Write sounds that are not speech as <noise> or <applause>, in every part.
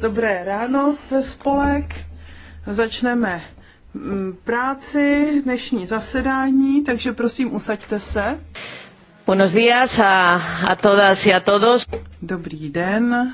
Dobré ráno ve spolek. Začneme mm, práci, dnešní zasedání, takže prosím, usaďte se. Buenos días a, a todas y a todos. Dobrý den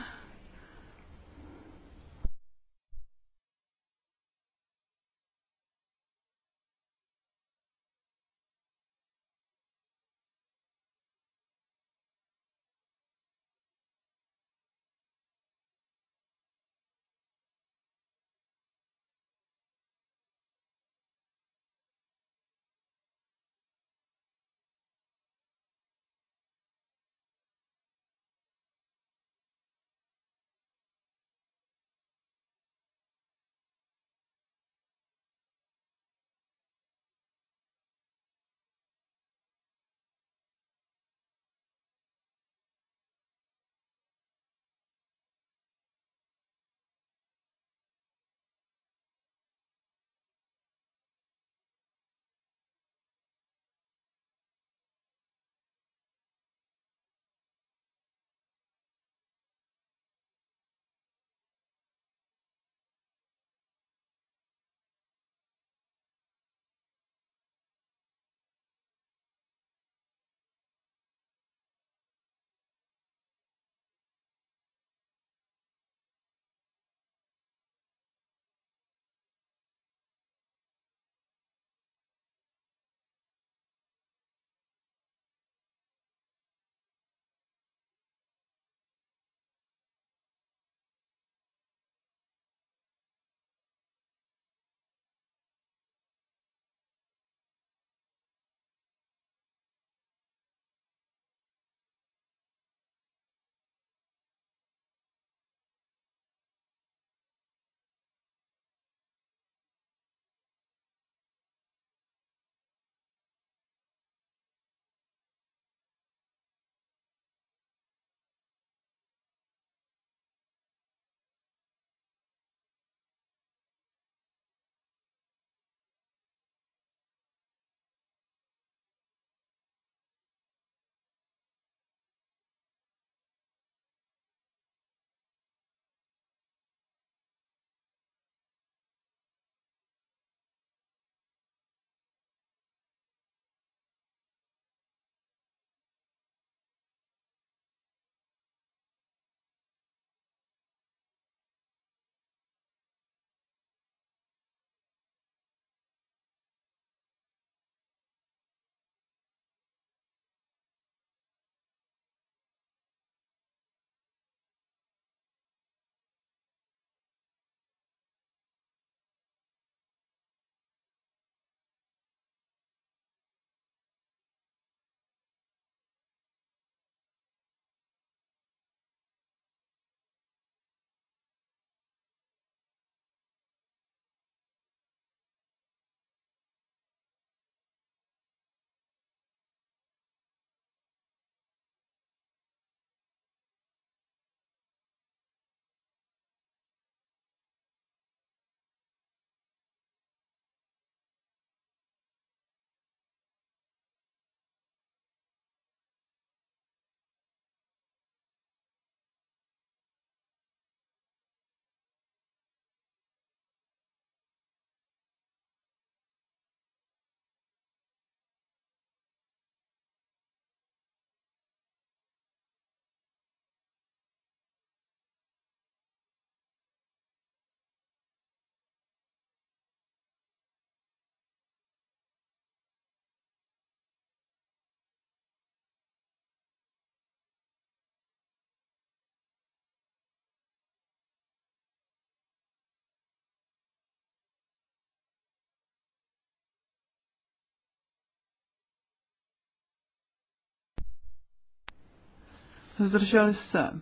zdrželi se.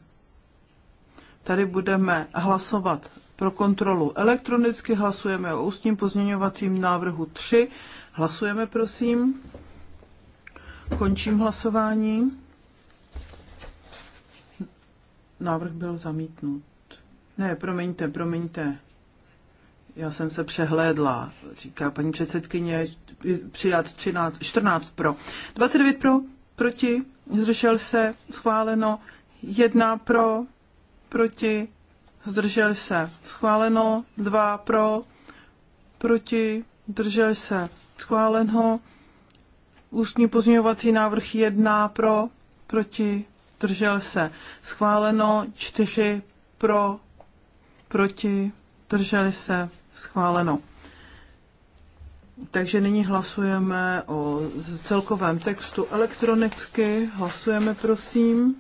Tady budeme hlasovat pro kontrolu elektronicky, hlasujeme o ústním pozměňovacím návrhu 3. Hlasujeme, prosím. Končím hlasování. Návrh byl zamítnut. Ne, promiňte, promiňte. Já jsem se přehlédla, říká paní předsedkyně, přijat 13, 14 pro. 29 pro, proti, zdržel se, schváleno. Jedna pro, proti, zdržel se, schváleno. Dva pro, proti, zdržel se, schváleno. Ústní pozměňovací návrh jedna pro, proti, zdržel se. Schváleno čtyři pro, proti, zdrželi se. Schváleno. Takže nyní hlasujeme o celkovém textu elektronicky. Hlasujeme, prosím.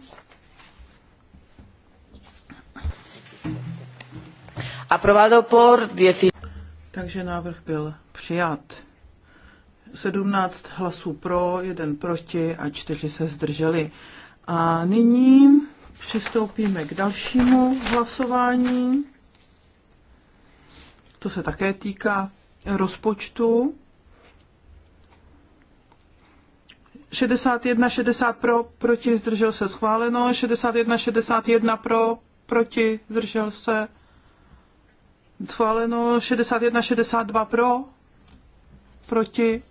Aprovado por 10. Takže návrh byl přijat. 17 hlasů pro, jeden proti a čtyři se zdrželi. A nyní přistoupíme k dalšímu hlasování. To se také týká rozpočtu. 61, 60 pro, proti, zdržel se schváleno. 61, 61 pro, proti, zdržel se schváleno. 61, 62 pro, proti,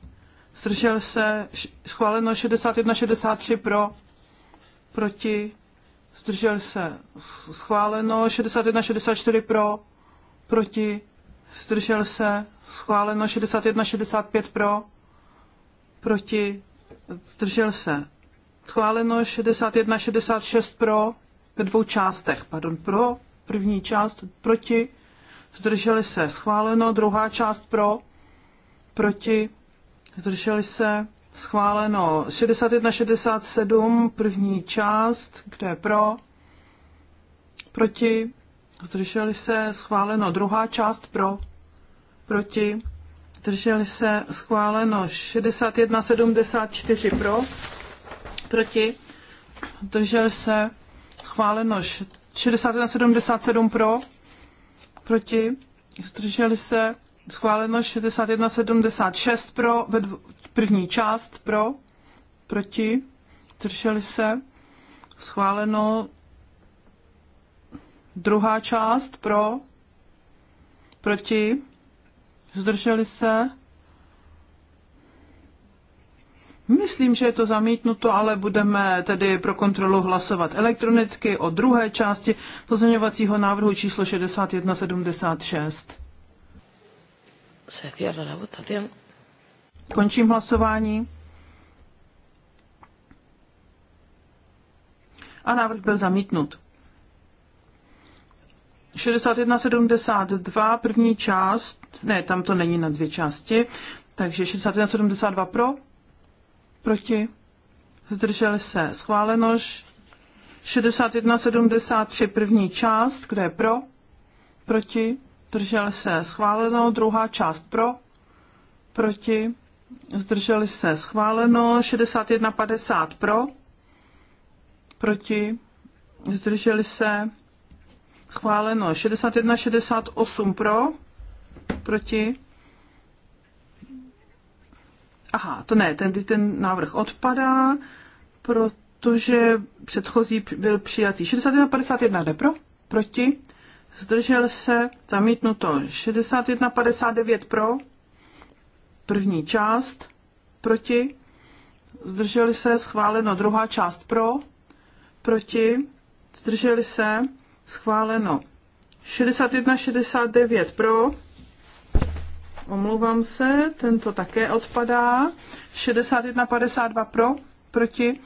zdržel se schváleno. 61, 63 pro, proti, zdržel se schváleno. 61, 64 pro, proti, zdržel se, schváleno 61, 65 pro, proti, zdržel se, schváleno 61, 66 pro, ve dvou částech, pardon, pro, první část, proti, zdrželi se, schváleno, druhá část pro, proti, zdrželi se, schváleno, 61, 67, první část, kde je pro, proti, zdrželi se, schváleno. Druhá část pro, proti, zdrželi se, schváleno. 61, 74 pro, proti, zdrželi se, schváleno. 61, 77 pro, proti, zdrželi se, schváleno 61,76 pro ve dv- první část pro, proti, zdrželi se, schváleno Druhá část pro, proti, zdrželi se. Myslím, že je to zamítnuto, ale budeme tedy pro kontrolu hlasovat elektronicky o druhé části pozměňovacího návrhu číslo 6176. Končím hlasování. A návrh byl zamítnut. 61,72, první část, ne, tam to není na dvě části, takže 61,72 pro, proti, zdrželi se, schváleno, 61,73 první část, kde je pro, proti, zdrželi se, schváleno, druhá část pro, proti, zdrželi se, schváleno, 61,50 pro, proti, zdrželi se, Schváleno 61, 68 pro, proti. Aha, to ne, ten, ten návrh odpadá, protože předchozí byl přijatý. 61, 51 jde pro, proti. Zdržel se, zamítnuto 61, 59 pro, první část, proti. Zdrželi se, schváleno druhá část pro, proti. Zdrželi se, schváleno. 61, 69 pro, omlouvám se, tento také odpadá. 61, 52 pro, proti,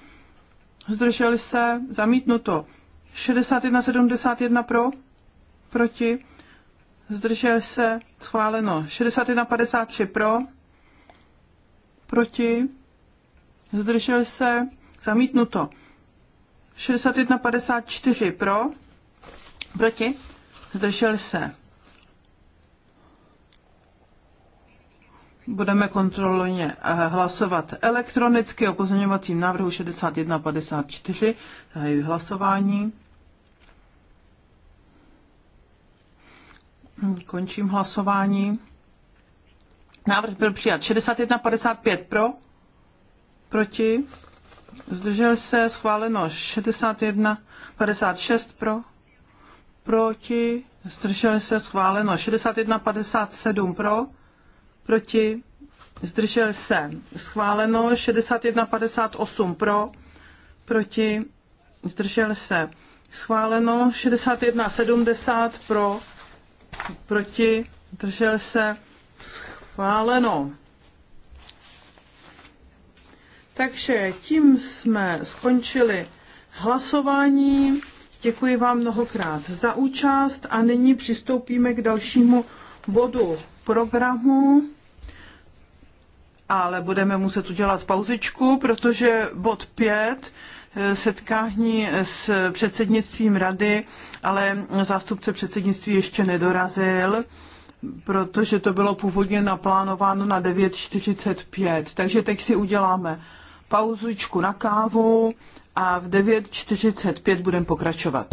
zdrželi se, zamítnuto. 61, 71 pro, proti, zdržel se, schváleno. 61, 53 pro, proti, zdržel se, zamítnuto. 61, 54 pro, Proti? Zdrželi se. Budeme kontrolně eh, hlasovat elektronicky o pozměňovacím návrhu 6154. Zahajuji hlasování. Končím hlasování. Návrh byl přijat. 6155 pro, proti, zdržel se, schváleno 6156 pro, proti, zdrželi se schváleno 61,57 pro, proti, zdrželi se schváleno 61,58 pro, proti, zdrželi se schváleno 61,70 pro, proti, zdrželi se schváleno. Takže tím jsme skončili hlasování. Děkuji vám mnohokrát za účast a nyní přistoupíme k dalšímu bodu programu, ale budeme muset udělat pauzičku, protože bod 5 eh, setkání s předsednictvím rady, ale zástupce předsednictví ještě nedorazil, protože to bylo původně naplánováno na 9.45. Takže teď si uděláme pauzičku na kávu a v 9.45 budeme pokračovat.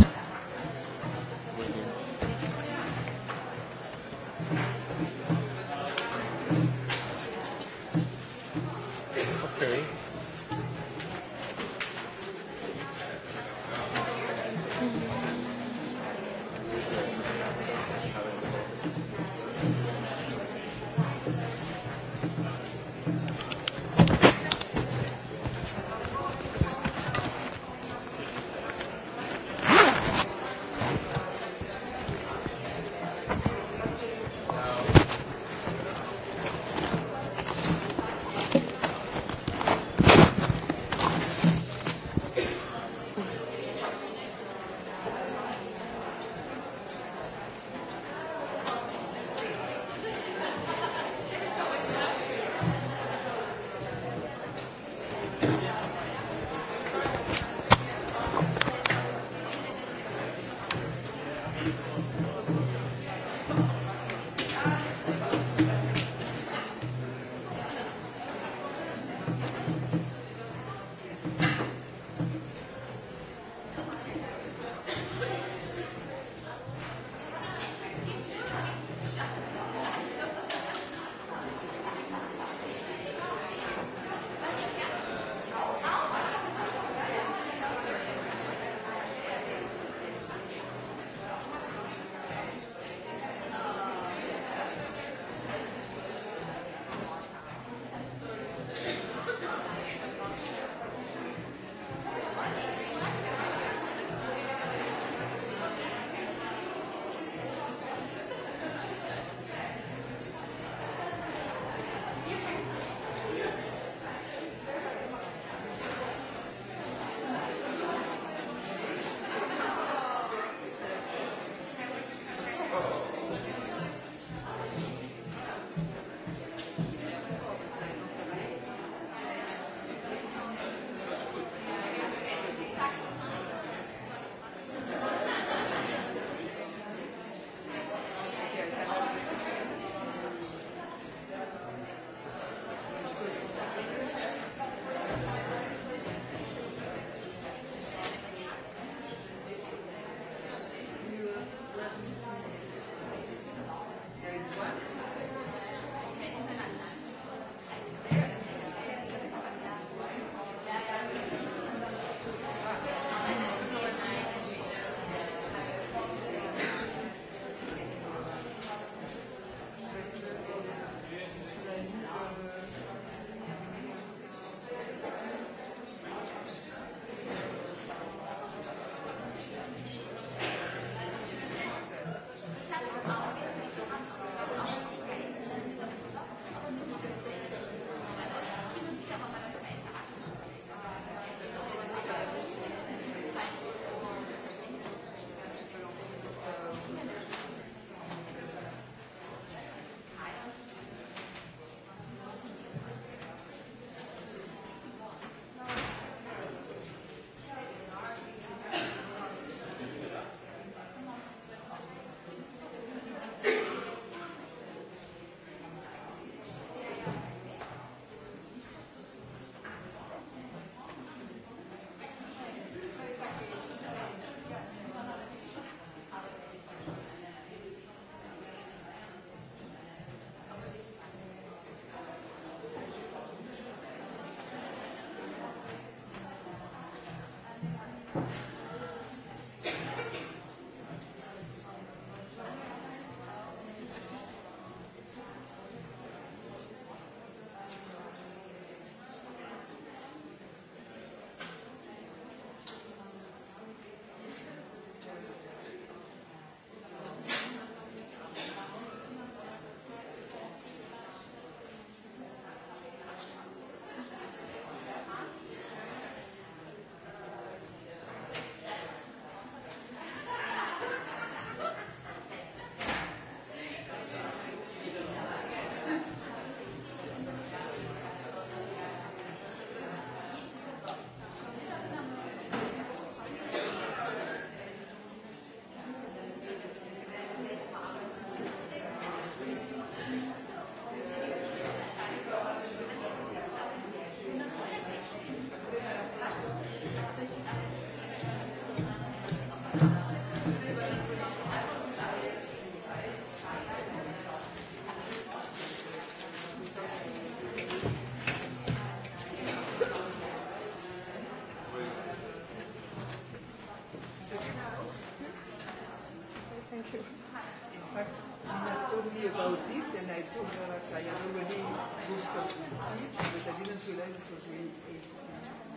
Otherwise it was really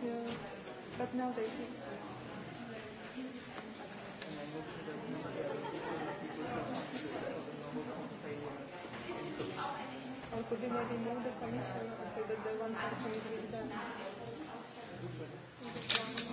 Yeah. But now they think so. Also they might remove the commission so that the one person is with them.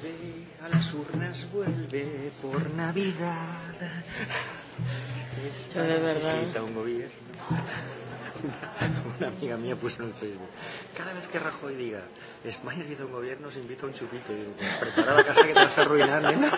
Vuelve a las urnas, vuelve por Navidad. Esta de verdad. necesita un gobierno. <laughs> Una, amiga mía puso en Facebook. Cada vez que Rajoy diga, España necesita un gobierno, se invita a un chupito. Y digo, prepara la casa que te vas a arruinar, nena.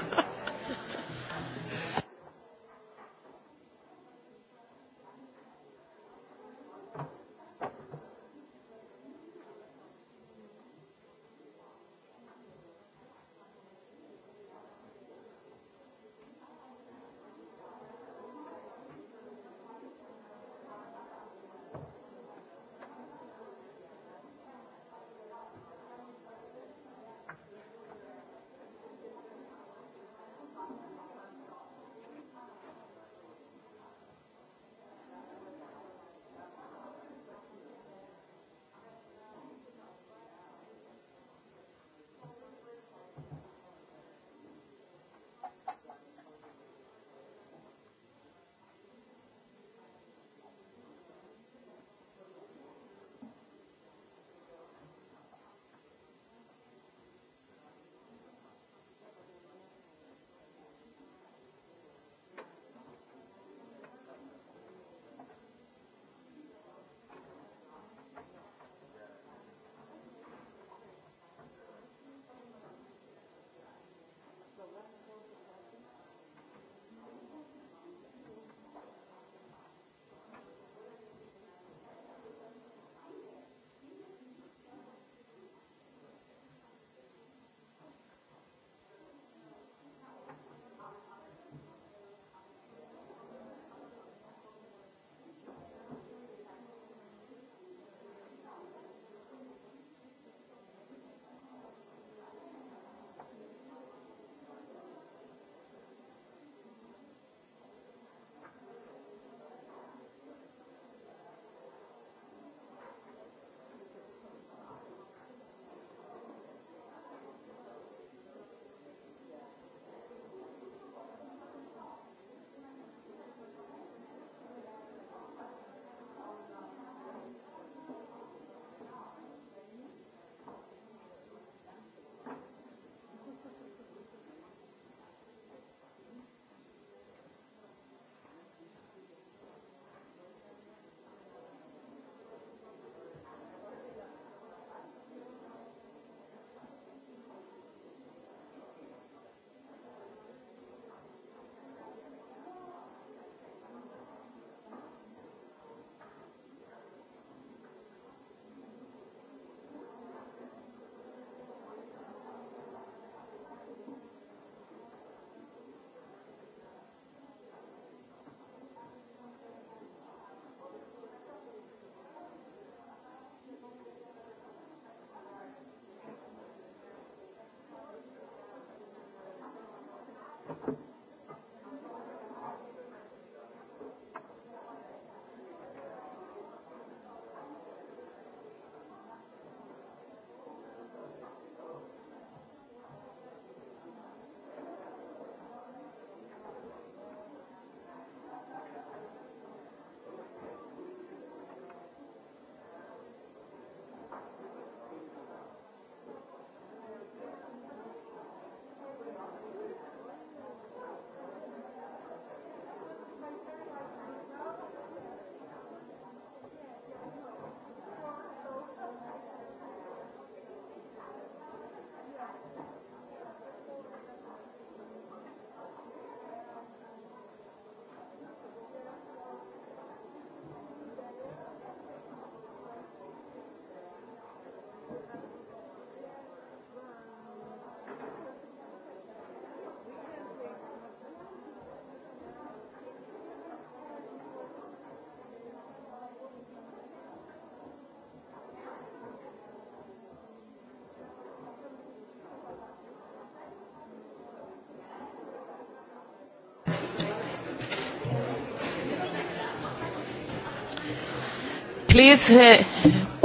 Please, uh,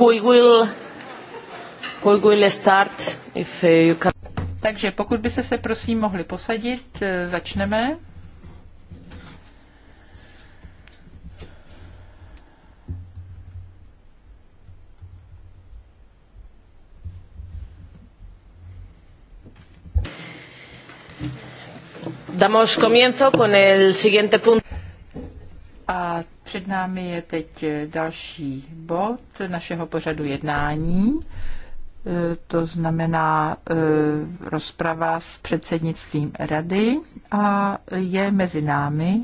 we will start if uh, you can. Takže pokud byste se prosím mohli posadit, uh, začneme. Damos comienzo con el siguiente punto námi je teď další bod našeho pořadu jednání. E, to znamená e, rozprava s předsednictvím rady a je mezi námi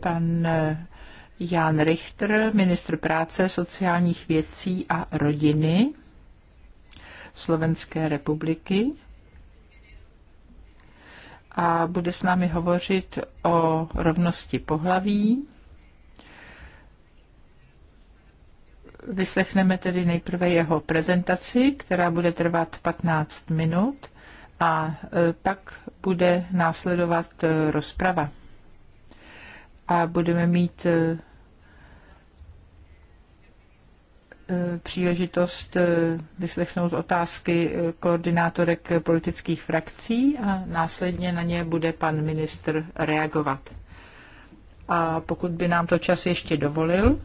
pan e, Jan Richter, ministr práce, sociálních věcí a rodiny Slovenské republiky a bude s námi hovořit o rovnosti pohlaví. Vyslechneme tedy nejprve jeho prezentaci, která bude trvat 15 minut a e, pak bude následovat e, rozprava. A budeme mít e, E, příležitost e, vyslechnout otázky e, koordinátorek politických frakcí a následně na ně bude pan ministr reagovat. A pokud by nám to čas ještě dovolil,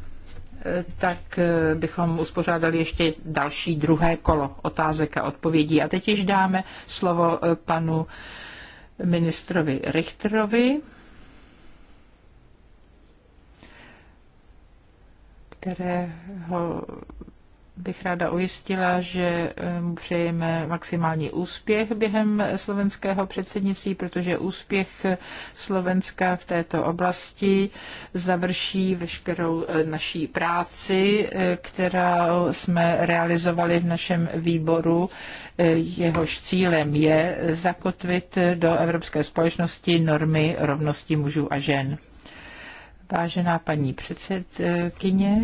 tak bychom uspořádali ještě další druhé kolo otázek a odpovědí. A teď již dáme slovo panu ministrovi Richterovi kterého bych ráda ujistila, že mu přejeme maximální úspěch během slovenského předsednictví, protože úspěch Slovenska v této oblasti završí veškerou e, naší práci, e, kterou jsme realizovali v našem výboru. E, jehož cílem je zakotvit do evropské společnosti normy rovnosti mužů a žen. Vážená paní předsedkyně,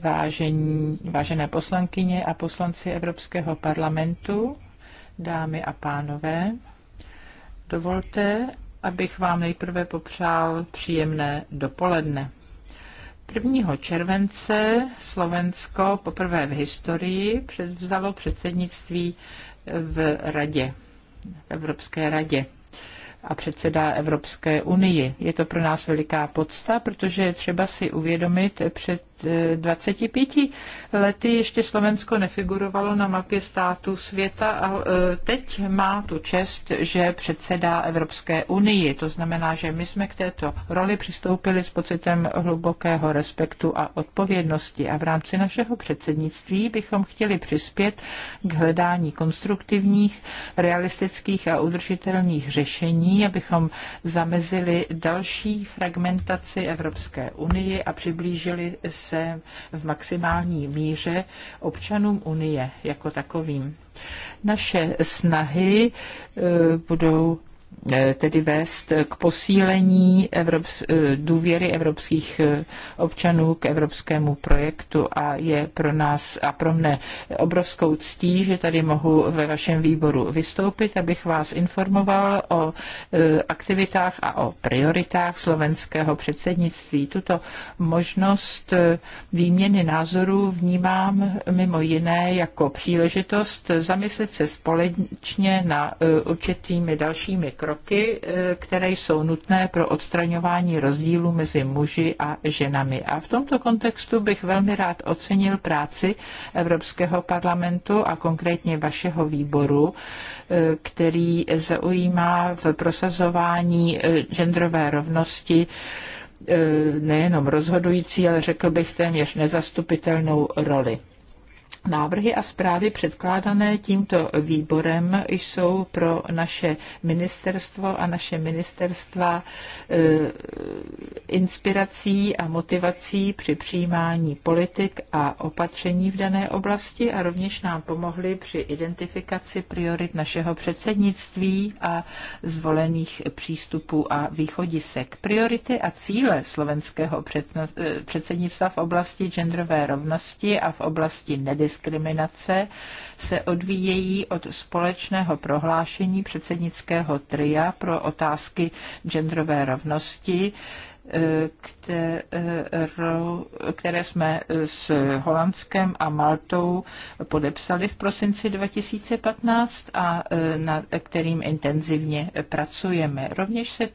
vážení, vážené poslankyně a poslanci Evropského parlamentu, dámy a pánové, dovolte, abych vám nejprve popřál příjemné dopoledne. 1. července Slovensko poprvé v historii předvzalo předsednictví v Radě, v Evropské radě a předsedá Evropské unii. Je to pro nás veliká podsta, protože je třeba si uvědomit, před 25 lety ještě Slovensko nefigurovalo na mapě státu světa a e, teď má tu čest, že předsedá Evropské unii. To znamená, že my jsme k této roli přistoupili s pocitem hlubokého respektu a odpovědnosti a v rámci našeho předsednictví bychom chtěli přispět k hledání konstruktivních, realistických a udržitelných řešení, abychom zamezili další fragmentaci Evropské unie a přiblížili se se v maximální míře občanům Unie jako takovým. Naše snahy eh, budou Eh, tedy vést k posílení Evrops- eh, důvěry evropských eh, občanů k evropskému projektu a je pro nás a pro mne obrovskou ctí, že tady mohu ve vašem výboru vystoupit, abych vás informoval o aktivitách a o prioritách slovenského předsednictví. Tuto možnost výměny názorů vnímám mimo jiné jako příležitost zamyslet se společně na určitými dalšími kroky, eh, které jsou nutné pro odstraňování rozdílů mezi muži a ženami. A v tomto kontextu bych velmi rád ocenil práci Evropského parlamentu a konkrétně vašeho výboru, eh, který zaujímá v prosazování eh, genderové rovnosti nejenom rozhodující, ale řekl bych téměř nezastupitelnou roli. Návrhy a zprávy předkládané tímto výborem jsou pro naše ministerstvo a naše ministerstva e, inspirací a motivací při přijímání politik a opatření v dané oblasti a rovněž nám pomohly při identifikaci priorit našeho předsednictví a zvolených přístupů a východisek. Priority a cíle slovenského e, předsednictva v oblasti genderové rovnosti a v oblasti nedávnosti diskriminace se odvíjejí od společného prohlášení předsednického tria pro otázky genderové rovnosti, Eh, kterou, eh, které jsme s Holandskem a Maltou podepsali v prosinci 2015 a eh, na kterým intenzivně pracujeme. Rovněž se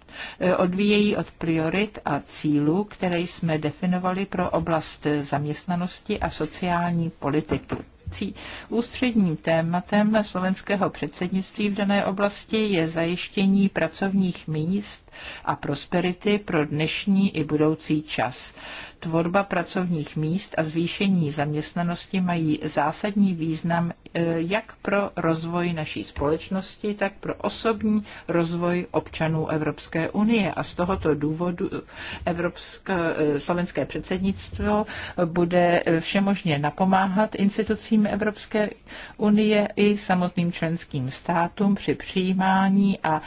odvíjejí od priorit a cílů, které jsme definovali pro oblast zaměstnanosti a sociální politiky akcí. Ústředním tématem slovenského předsednictví v dané oblasti je zajištění pracovních míst a prosperity pro dnešní i budoucí čas tvorba pracovních míst a zvýšení zaměstnanosti mají zásadní význam eh, jak pro rozvoj naší společnosti, tak pro osobní rozvoj občanů Evropské unie. A z tohoto důvodu Evropské, eh, slovenské předsednictvo bude všemožně napomáhat institucím Evropské unie i samotným členským státům při přijímání a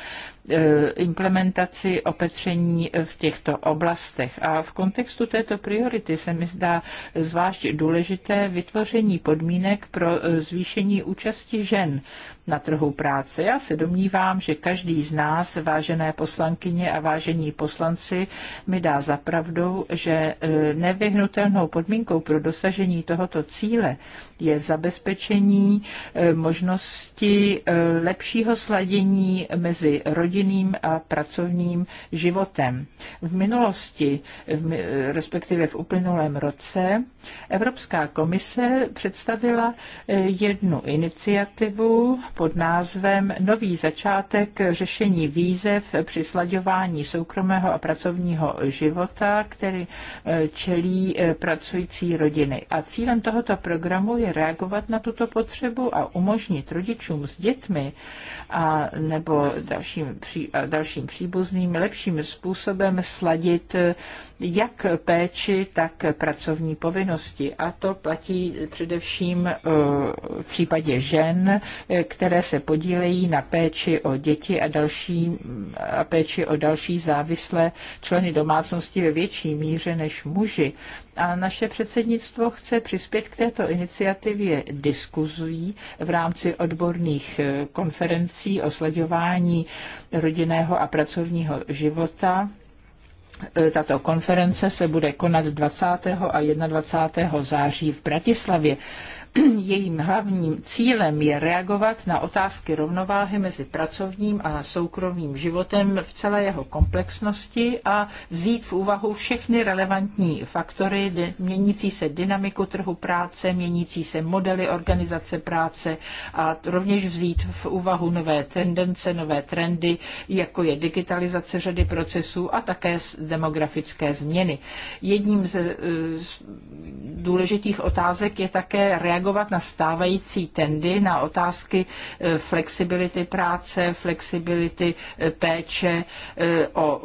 E, implementaci opatření v těchto oblastech. A v kontextu této priority se mi zdá zvlášť důležité vytvoření podmínek pro e, zvýšení účasti žen na trhu práce. Já se domnívám, že každý z nás, vážené poslankyně a vážení poslanci, mi dá za pravdu, že e, nevyhnutelnou podmínkou pro dosažení tohoto cíle je zabezpečení e, možnosti e, lepšího sladění mezi rodinným a pracovním životem. V minulosti, respektive v uplynulém roce, Evropská komise představila jednu iniciativu pod názvem Nový začátek řešení výzev při slaďování soukromého a pracovního života, který e, čelí e, pracující rodiny. A cílem tohoto programu je reagovat na tuto potřebu a umožnit rodičům s dětmi a nebo dalším, pří, a dalším příbuzným lepším způsobem sladit e, jak péči, tak pracovní povinnosti. A to platí především v případě žen, které které se podílejí na péči o děti a, další, a péči o další závislé členy domácnosti ve větší míře než muži. A naše předsednictvo chce přispět k této iniciativě diskuzí v rámci odborných eh, konferencí o sledování rodinného a pracovního života eh, tato konference se bude konat 20. a 21. září v Bratislavě. <clears throat> Jejím hlavním cílem je reagovat na otázky rovnováhy mezi pracovním a soukromým životem v celé jeho komplexnosti a vzít v úvahu všechny relevantní faktory, měnící se dynamiku trhu práce, měnící se modely organizace práce a rovněž vzít v úvahu nové tendence, nové trendy, jako je digitalizace řady procesů a také demografické změny. Jedním eh, z důležitých otázek je také reagovat reagovat na stávající tendy na otázky e, flexibility práce, flexibility e, péče e, o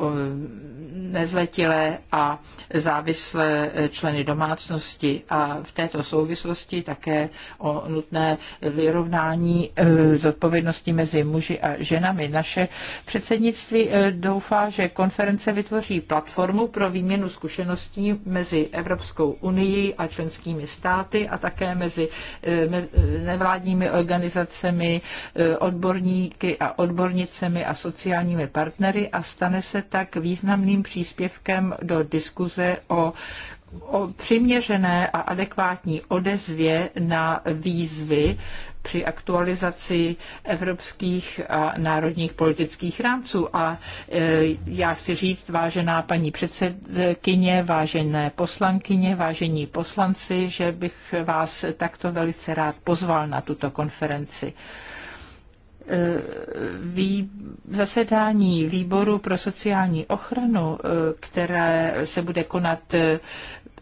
nezletilé a závislé členy domácnosti a v této souvislosti také o nutné vyrovnání zodpovědnosti mezi muži a ženami. Naše předsednictví doufá, že konference vytvoří platformu pro výměnu zkušeností mezi Evropskou unii a členskými státy a také mezi Eh, eh, nevládními organizacemi, eh, odborníky a odbornicemi a sociálními partnery a stane se tak významným příspěvkem do diskuze o o přiměřené a adekvátní odezvě na výzvy, při aktualizaci evropských a národních politických rámců. A e, já chci říct, vážená paní předsedkyně, vážené poslankyně, vážení poslanci, že bych vás takto velice rád pozval na tuto konferenci e, vý, zasedání výboru pro sociální ochranu, e, které se bude konat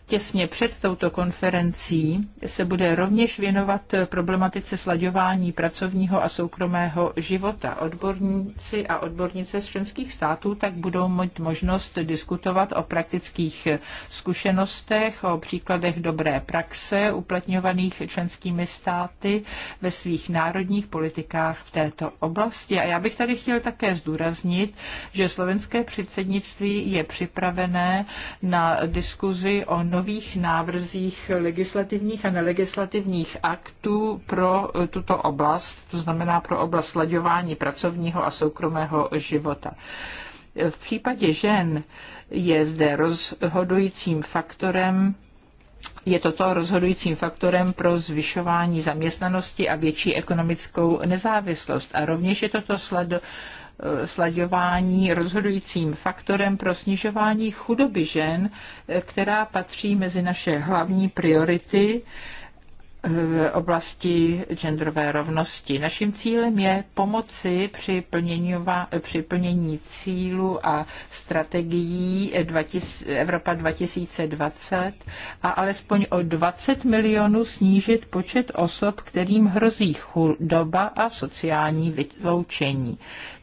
těsně před touto konferencí se bude rovněž věnovat problematice slaďování pracovního a soukromého života. Odborníci a odbornice z členských států tak budou mít možnost diskutovat o praktických zkušenostech, o příkladech dobré praxe uplatňovaných členskými státy ve svých národních politikách v této oblasti. A já bych tady chtěl také zdůraznit, že slovenské předsednictví je připravené na diskuzi o nových návrzích legislativních a nelegislativních aktů pro eh, tuto oblast, to znamená pro oblast slaďování pracovního a soukromého života. Eh, v případě žen je zde rozhodujícím faktorem je toto rozhodujícím faktorem pro zvyšování zaměstnanosti a větší ekonomickou nezávislost. A rovněž je toto slado, slaďování rozhodujícím faktorem pro snižování chudoby žen, která patří mezi naše hlavní priority eh, v oblasti genderové rovnosti. Naším cílem je pomoci při plnění, při plnění cílu a strategií 20, Evropa 2020 a alespoň o 20 milionů snížit počet osob, kterým hrozí chudoba a sociální vyloučení.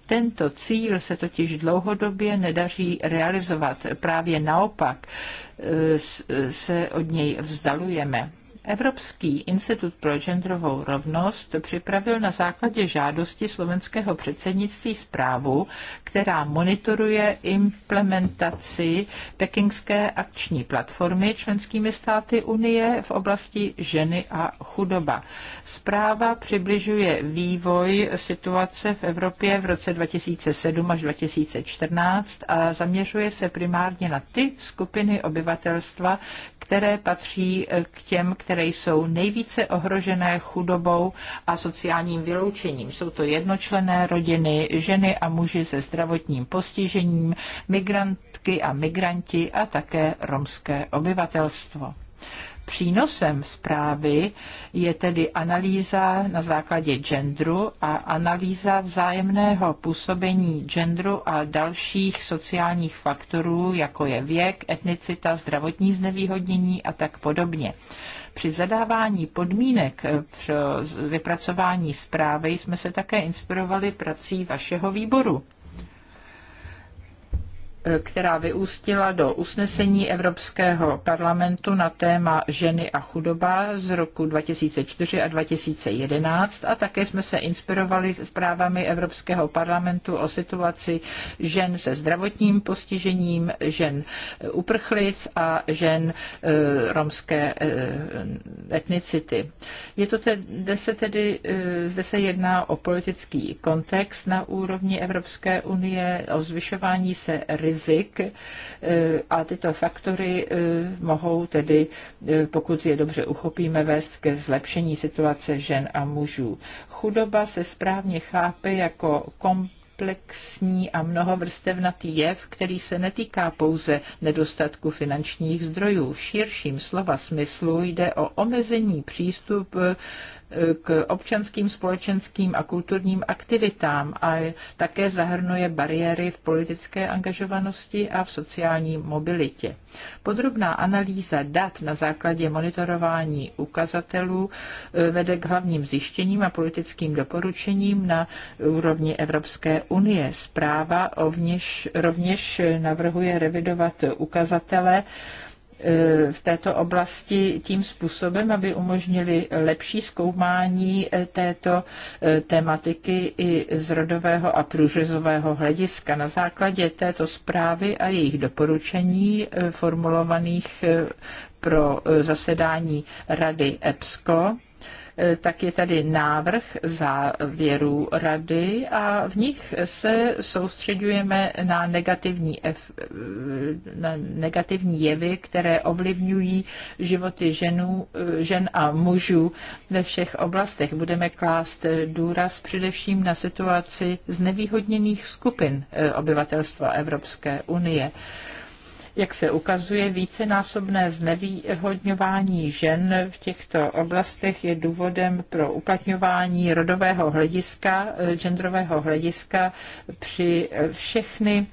Tento cíl se totiž dlouhodobě nedaří realizovat. Právě naopak e, se od něj vzdalujeme. Evropský institut pro genderovou rovnost připravil na základě žádosti slovenského předsednictví zprávu, která monitoruje implementaci pekingské akční platformy členskými státy Unie v oblasti ženy a chudoba. Zpráva přibližuje vývoj situace v Evropě v roce 2007 až 2014 a zaměřuje se primárně na ty skupiny obyvatelstva, které patří k těm, které které jsou nejvíce ohrožené chudobou a sociálním vyloučením. Jsou to jednočlené rodiny, ženy a muži se zdravotním postižením, migrantky a migranti a také romské obyvatelstvo. Přínosem zprávy je tedy analýza na základě genderu a analýza vzájemného působení genderu a dalších sociálních faktorů, jako je věk, etnicita, zdravotní znevýhodnění a tak podobně. Při zadávání podmínek eh, pro vypracování zprávy jsme se také inspirovali prací vašeho výboru která vyústila do usnesení Evropského parlamentu na téma ženy a chudoba z roku 2004 a 2011 a také jsme se inspirovali zprávami Evropského parlamentu o situaci žen se zdravotním postižením, žen uprchlic a žen eh, romské eh, etnicity. Je to tedy, se tedy, eh, zde se jedná o politický kontext na úrovni Evropské unie, o zvyšování se rizik rizik eh, a tyto faktory eh, mohou tedy, eh, pokud je dobře uchopíme, vést ke zlepšení situace žen a mužů. Chudoba se správně chápe jako kom komplexní a mnohovrstevnatý jev, který se netýká pouze nedostatku finančních zdrojů. V širším slova smyslu jde o omezení přístup k občanským, společenským a kulturním aktivitám a také zahrnuje bariéry v politické angažovanosti a v sociální mobilitě. Podrobná analýza dat na základě monitorování ukazatelů e, vede k hlavním zjištěním a politickým doporučením na úrovni Evropské unie. Zpráva ovněž, rovněž navrhuje revidovat ukazatele, E, v této oblasti tím způsobem, aby umožnili lepší zkoumání e, této e, tematiky i z rodového a průřezového hlediska. Na základě této zprávy a jejich doporučení formulovaných pro zasedání Rady EPSCO Eh, tak je tady návrh závěrů rady a v nich se soustředujeme na negativní, ef, eh, na negativní jevy, které ovlivňují životy ženů, eh, žen a mužů ve všech oblastech. Budeme klást důraz především na situaci znevýhodněných skupin obyvatelstva Evropské unie jak se ukazuje, vícenásobné znevýhodňování žen v těchto oblastech je důvodem pro uplatňování rodového hlediska, eh, genderového hlediska při eh, všechny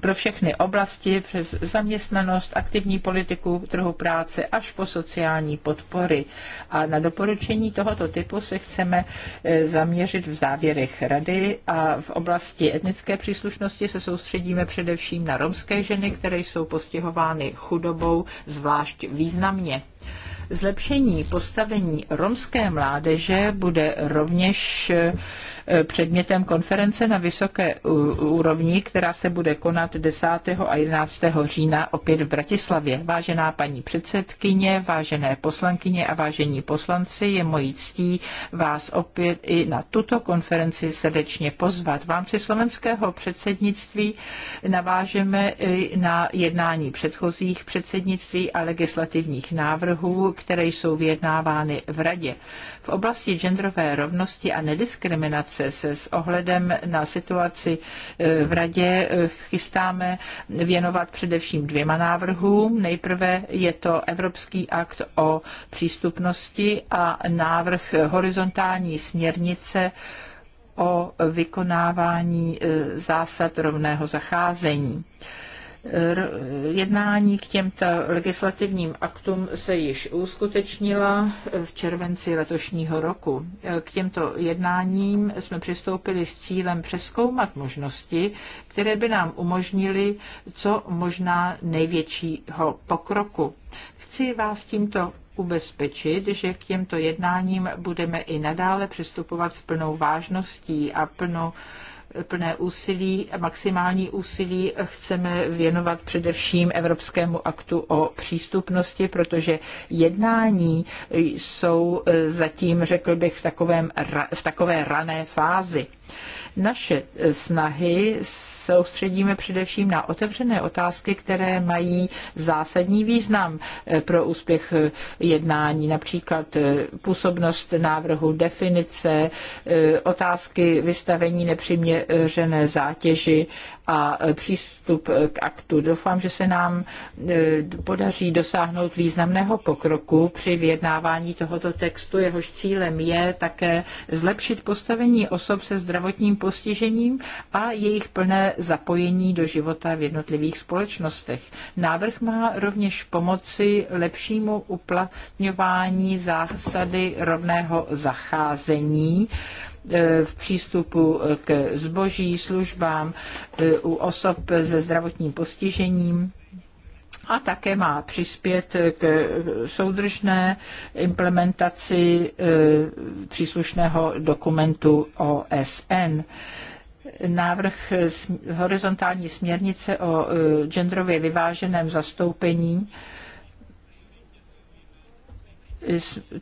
pro všechny oblasti přes zaměstnanost, aktivní politiku trhu práce až po sociální podpory. A na doporučení tohoto typu se chceme e, zaměřit v závěrech rady a v oblasti etnické příslušnosti se soustředíme především na romské ženy, které jsou postihovány chudobou zvlášť významně. Zlepšení postavení romské mládeže bude rovněž e, Eh, předmětem konference na vysoké úrovni, která se bude konat 10. a 11. října opět v Bratislavě. Vážená paní předsedkyně, vážené poslankyně a vážení poslanci, je mojí ctí vás opět i na tuto konferenci srdečně pozvat. Vám při slovenského předsednictví navážeme i na jednání předchozích předsednictví a legislativních návrhů, které jsou vyjednávány v Radě. V oblasti genderové rovnosti a nediskriminace se s ohledem na situaci eh, v radě eh, chystáme věnovat především dvěma návrhům. Nejprve je to Evropský akt o přístupnosti a návrh horizontální směrnice o vykonávání eh, zásad rovného zacházení. Jednání k těmto legislativním aktům se již uskutečnila v červenci letošního roku. K těmto jednáním jsme přistoupili s cílem přeskoumat možnosti, které by nám umožnily co možná největšího pokroku. Chci vás tímto ubezpečit, že k těmto jednáním budeme i nadále přistupovat s plnou vážností a plnou plné úsilí, maximální úsilí chceme věnovat především Evropskému aktu o přístupnosti, protože jednání jsou zatím, řekl bych, v, takovém, v takové rané fázi. Naše eh, snahy soustředíme především na otevřené otázky, které mají zásadní význam eh, pro úspěch eh, jednání, například působnost návrhu definice, otázky vystavení nepřiměřené zátěži a přístup k aktu. Doufám, že se nám podaří dosáhnout významného pokroku při vyjednávání tohoto textu. Jehož cílem je také zlepšit postavení osob se zdravotním postižením a jejich plné zapojení do života v jednotlivých společnostech. Návrh má rovněž pomoci lepšímu uplatňování zásady rovného zacházení e, v přístupu e, k zboží, službám e, u osob se zdravotním postižením a také má přispět k soudržné implementaci e, příslušného dokumentu OSN návrh horizontální směrnice o e, genderově vyváženém zastoupení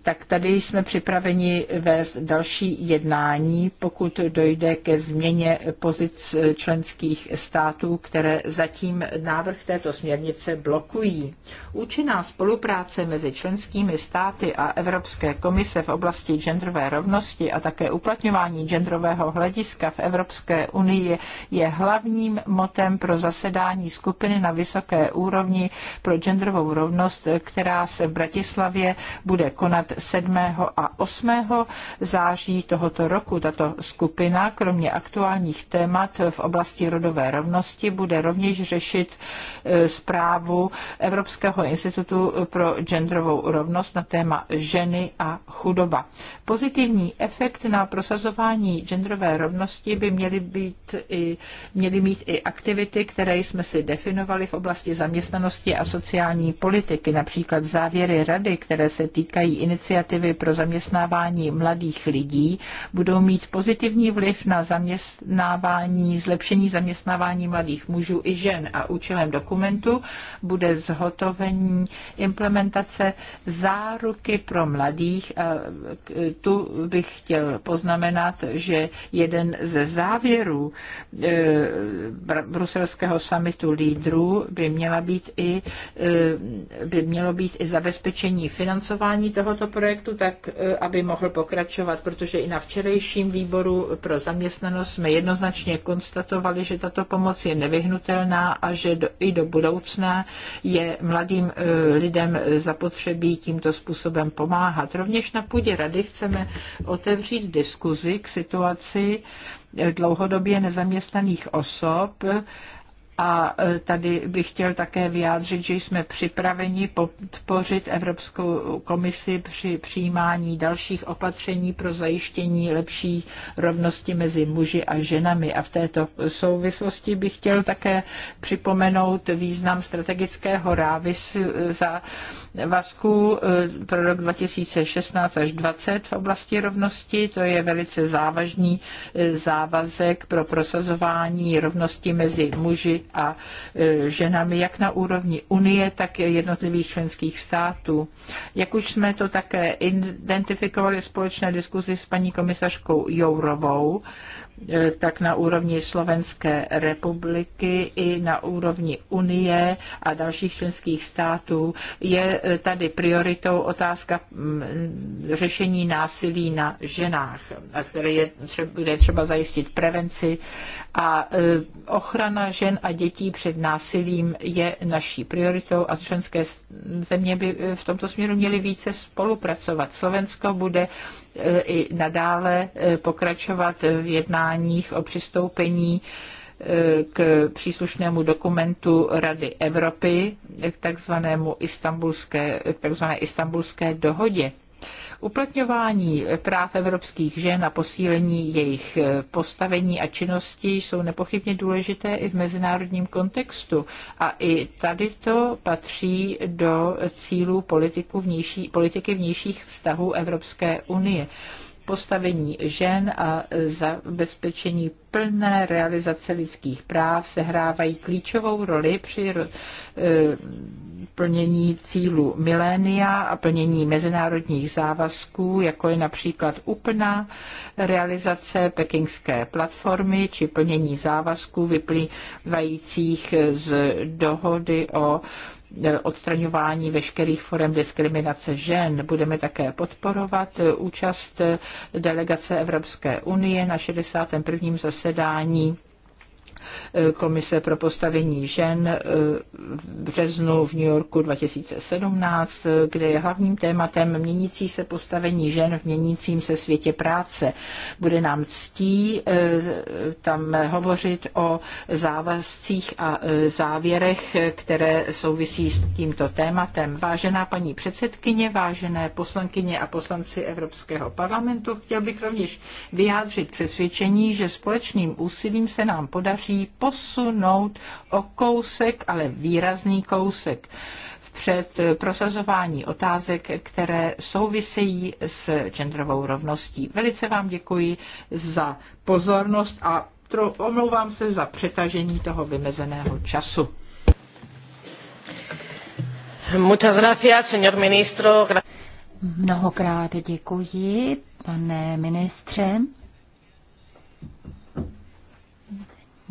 tak tady jsme připraveni vést další jednání, pokud dojde ke změně pozic členských států, které zatím návrh této směrnice blokují. Účinná spolupráce mezi členskými státy a Evropské komise v oblasti genderové rovnosti a také uplatňování genderového hlediska v Evropské unii je hlavním motem pro zasedání skupiny na vysoké úrovni pro genderovou rovnost, která se v Bratislavě bude bude konat 7. a 8. září tohoto roku. Tato skupina, kromě aktuálních témat v oblasti rodové rovnosti, bude rovněž řešit e, zprávu Evropského institutu pro genderovou rovnost na téma ženy a chudoba. Pozitivní efekt na prosazování genderové rovnosti by měly, být i, měly mít i aktivity, které jsme si definovali v oblasti zaměstnanosti a sociální politiky, například závěry rady, které se týkají týkají iniciativy pro zaměstnávání mladých lidí, budou mít pozitivní vliv na zaměstnávání, zlepšení zaměstnávání mladých mužů i žen. A účelem dokumentu bude zhotovení implementace záruky pro mladých. A tu bych chtěl poznamenat, že jeden ze závěrů e, bruselského samitu lídrů by měla být i e, by mělo být i zabezpečení financování financování tohoto projektu, tak e, aby mohl pokračovat, protože i na včerejším výboru pro zaměstnanost jsme jednoznačně konstatovali, že tato pomoc je nevyhnutelná a že do, i do budoucna je mladým e, lidem zapotřebí tímto způsobem pomáhat. Rovněž na půdě rady chceme otevřít diskuzi k situaci dlouhodobě nezaměstnaných osob, a e, tady bych chtěl také vyjádřit, že jsme připraveni podpořit Evropskou komisi při přijímání dalších opatření pro zajištění lepší rovnosti mezi muži a ženami. A v této souvislosti bych chtěl také připomenout význam strategického rávis za vazku e, pro rok 2016 až 2020 v oblasti rovnosti. To je velice závažný e, závazek pro prosazování rovnosti mezi muži a e, ženami, jak na úrovni Unie, tak jednotlivých členských států. Jak už jsme to také identifikovali v společné diskuzi s paní komisařkou Jourovou, E, tak na úrovni Slovenské republiky i na úrovni Unie a dalších členských států je e, tady prioritou otázka řešení násilí na ženách, které je třeba, bude třeba zajistit prevenci a e, ochrana žen a dětí před násilím je naší prioritou a členské země by v tomto směru měly více spolupracovat. Slovensko bude i nadále e, pokračovat v jednáních o přistoupení e, k příslušnému dokumentu Rady Evropy, k takzvané istambulské dohodě. Uplatňování práv evropských žen a posílení jejich postavení a činnosti jsou nepochybně důležité i v mezinárodním kontextu a i tady to patří do cílů politiku vnější, politiky vnějších vztahů Evropské unie postavení žen a zabezpečení plné realizace lidských práv sehrávají klíčovou roli při eh, plnění cílu milénia a plnění mezinárodních závazků, jako je například úplná realizace pekingské platformy či plnění závazků vyplývajících z dohody o E, odstraňování veškerých forem diskriminace žen. Budeme také podporovat e, účast e, delegace Evropské unie na 61. zasedání Komise pro postavení žen eh, v březnu v New Yorku 2017, kde je hlavním tématem měnící se postavení žen v měnícím se světě práce. Bude nám ctí eh, tam hovořit o závazcích a eh, závěrech, které souvisí s tímto tématem. Vážená paní předsedkyně, vážené poslankyně a poslanci Evropského parlamentu, chtěl bych rovněž vyjádřit přesvědčení, že společným úsilím se nám podaří podaří posunout o kousek, ale výrazný kousek před prosazování otázek, které souvisejí s genderovou rovností. Velice vám děkuji za pozornost a omlouvám se za přetažení toho vymezeného času. Muchas gracias, señor ministro. Mnohokrát děkuji, pane ministře.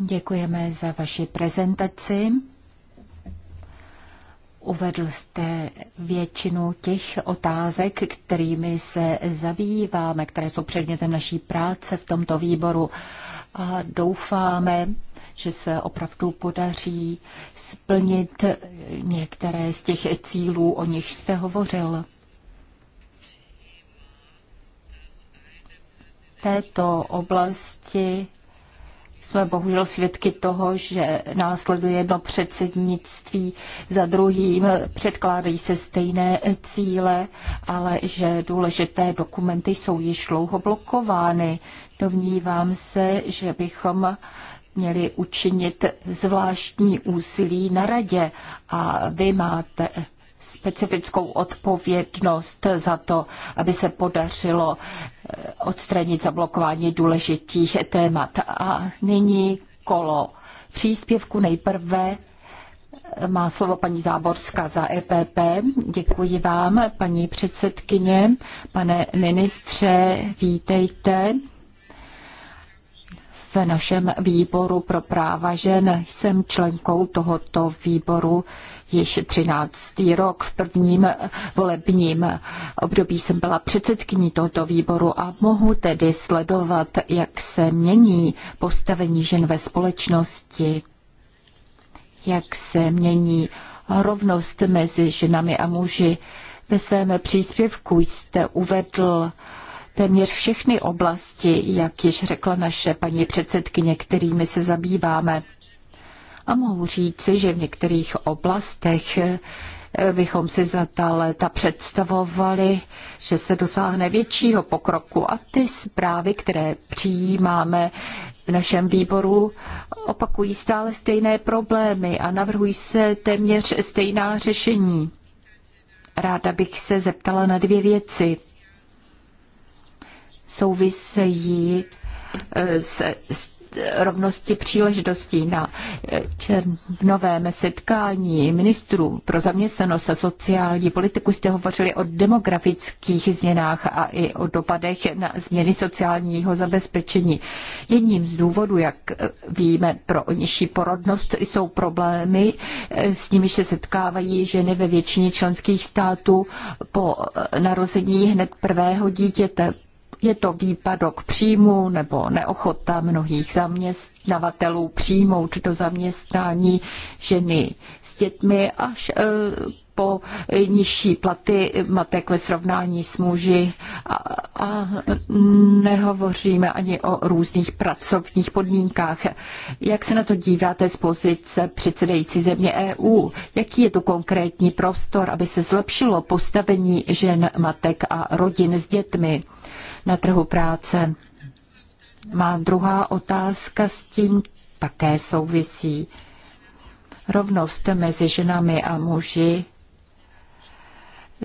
Děkujeme za vaši prezentaci. Uvedl jste většinu těch otázek, kterými se zabýváme, které jsou předmětem naší práce v tomto výboru. A doufáme, že se opravdu podaří splnit některé z těch cílů, o nich jste hovořil. této oblasti jsme bohužel svědky toho, že následuje jedno předsednictví za druhým, předkládají se stejné cíle, ale že důležité dokumenty jsou již dlouho blokovány. Domnívám se, že bychom měli učinit zvláštní úsilí na radě a vy máte specifickou odpovědnost za to, aby se podařilo odstranit zablokování důležitých témat. A nyní kolo příspěvku nejprve má slovo paní Záborská za EPP. Děkuji vám, paní předsedkyně, pane ministře, vítejte v našem výboru pro práva žen. Jsem členkou tohoto výboru již 13. rok. V prvním volebním období jsem byla předsedkyní tohoto výboru a mohu tedy sledovat, jak se mění postavení žen ve společnosti, jak se mění rovnost mezi ženami a muži. Ve svém příspěvku jste uvedl, téměř všechny oblasti, jak již řekla naše paní předsedkyně, kterými se zabýváme. A mohu říci, že v některých oblastech eh, bychom si za ta léta představovali, že se dosáhne většího pokroku a ty zprávy, které přijímáme v našem výboru, opakují stále stejné problémy a navrhují se téměř stejná řešení. Ráda bych se zeptala na dvě věci souvisejí eh, s, s rovnosti příležitostí na eh, novém setkání ministrů pro zaměstnanost a sociální politiku jste hovořili o demografických změnách a i o dopadech na změny sociálního zabezpečení. Jedním z důvodů, jak eh, víme, pro nižší porodnost jsou problémy, s nimi se setkávají ženy ve většině členských států po narození hned prvého dítěte je to výpadok příjmu nebo neochota mnohých zaměstnavatelů přijmout do zaměstnání ženy s dětmi až e, po nižší platy matek ve srovnání s muži a, a nehovoříme ani o různých pracovních podmínkách. Jak se na to díváte z pozice předsedající země EU? Jaký je tu konkrétní prostor, aby se zlepšilo postavení žen, matek a rodin s dětmi? na trhu práce. Má druhá otázka s tím také souvisí. Rovnost mezi ženami a muži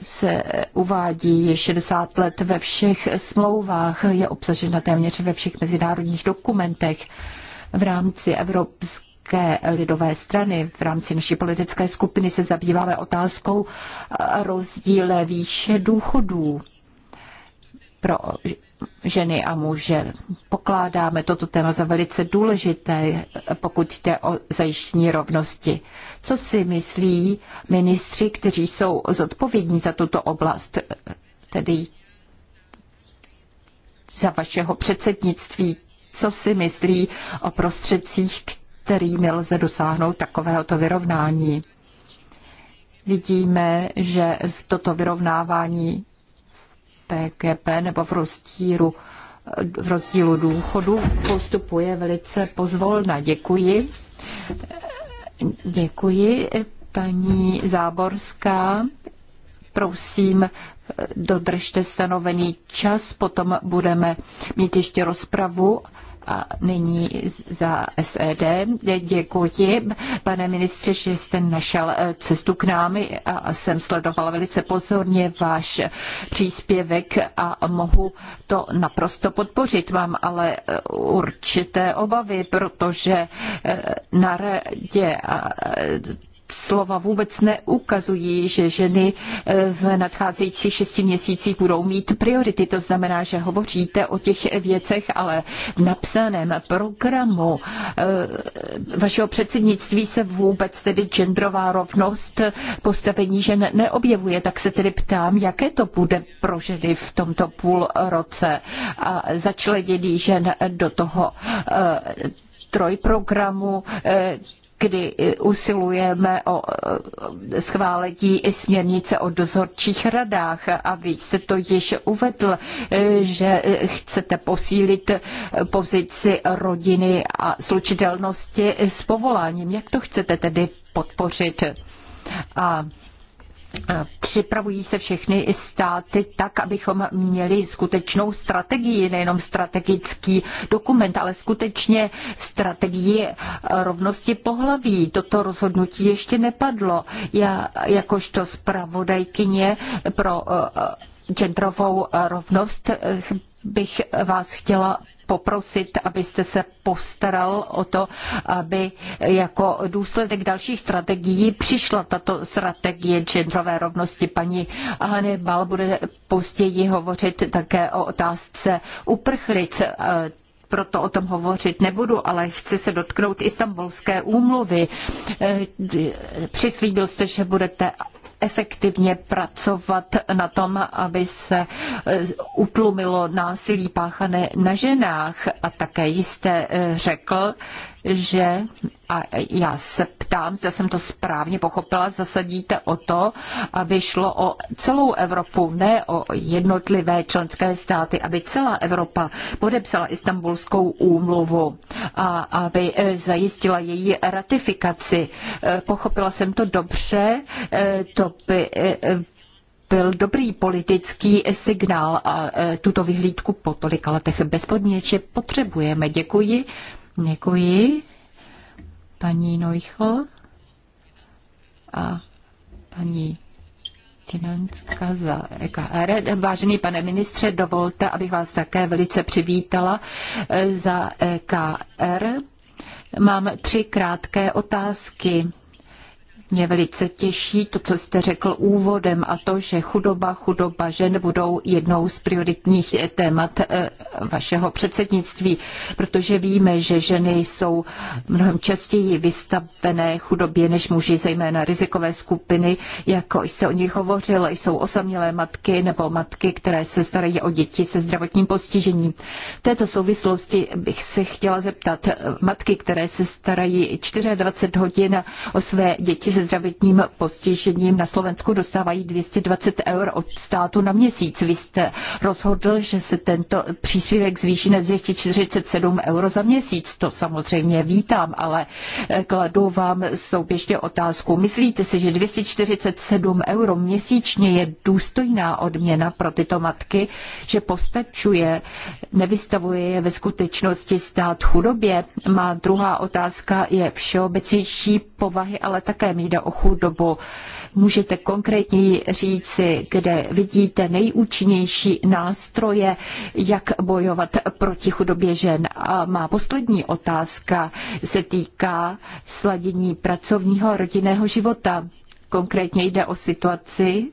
se uvádí 60 let ve všech smlouvách, je obsažena téměř ve všech mezinárodních dokumentech. V rámci Evropské lidové strany, v rámci naší politické skupiny se zabýváme otázkou rozdíle výše důchodů pro ženy a muže. Pokládáme toto téma za velice důležité, pokud jde o zajištění rovnosti. Co si myslí ministři, kteří jsou zodpovědní za tuto oblast, tedy za vašeho předsednictví, co si myslí o prostředcích, kterými lze dosáhnout takovéhoto vyrovnání? Vidíme, že v toto vyrovnávání PGP nebo v rozdílu, v rozdílu důchodu postupuje velice pozvolna. Děkuji. Děkuji, paní Záborská. Prosím, dodržte stanovený čas, potom budeme mít ještě rozpravu a nyní za SED děkuji, pane ministře, že jste našel eh, cestu k nám, a jsem sledovala velice pozorně váš příspěvek a mohu to naprosto podpořit. Mám ale eh, určité obavy, protože eh, na radě slova vůbec neukazují, že ženy eh, v nadcházejících šesti měsících budou mít priority. To znamená, že hovoříte o těch věcech, ale v napsaném programu eh, vašeho předsednictví se vůbec tedy genderová rovnost postavení žen neobjevuje. Tak se tedy ptám, jaké to bude pro ženy v tomto půl roce a začlenění žen do toho eh, trojprogramu, kdy eh, usilujeme o eh, schválení směrnice o dozorčích radách a vy jste to již uvedl, eh, že chcete posílit pozici rodiny a slučitelnosti s povoláním. Jak to chcete tedy podpořit? A Připravují se všechny státy tak, abychom měli skutečnou strategii, nejenom strategický dokument, ale skutečně strategii rovnosti pohlaví. Toto rozhodnutí ještě nepadlo. Já jakožto zpravodajkyně pro eh, eh, genderovou rovnost eh, bych vás chtěla poprosit, abyste se postaral o to, aby jako důsledek dalších strategií přišla tato strategie genderové rovnosti. Paní Hannibal bude později hovořit také o otázce uprchlic proto o tom hovořit nebudu, ale chci se dotknout Istanbulské úmluvy. Přislíbil jste, že budete efektivně pracovat na tom, aby se eh, utlumilo násilí páchané na ženách. A také jste eh, řekl, že, a já se ptám, zda jsem to správně pochopila, zasadíte o to, aby šlo o celou Evropu, ne o jednotlivé členské státy, aby celá Evropa podepsala Istanbulskou úmluvu a aby e, zajistila její ratifikaci. E, pochopila jsem to dobře, e, to by byl dobrý politický signál a tuto vyhlídku po tolika letech bezpodmínečně potřebujeme. Děkuji. Děkuji. Paní Nojcho a paní Finanska za EKR. Vážený pane ministře, dovolte, abych vás také velice přivítala eh, za EKR. Mám tři krátké otázky. Mě velice těší to, co jste řekl úvodem a to, že chudoba, chudoba žen budou jednou z prioritních témat eh, vašeho předsednictví, protože víme, že ženy jsou mnohem častěji vystavené chudobě než muži, zejména rizikové skupiny, jako jste o nich hovořil, jsou osamělé matky nebo matky, které se starají o děti se zdravotním postižením. V této souvislosti bych se chtěla zeptat eh, matky, které se starají 24 hodin o své děti se zdravotním postižením na Slovensku dostávají 220 eur od státu na měsíc. Vy jste rozhodl, že se tento příspěvek zvýší na 247 eur za měsíc. To samozřejmě vítám, ale eh, kladu vám souběžně otázku. Myslíte si, že 247 eur měsíčně je důstojná odměna pro tyto matky, že postačuje, nevystavuje je ve skutečnosti stát chudobě? Má druhá otázka je všeobecnější povahy, ale také mě jde o chudobu. Můžete konkrétně říci, kde vidíte nejúčinnější nástroje, jak bojovat proti chudobě žen. A má poslední otázka se týká sladění pracovního a rodinného života. Konkrétně jde o situaci,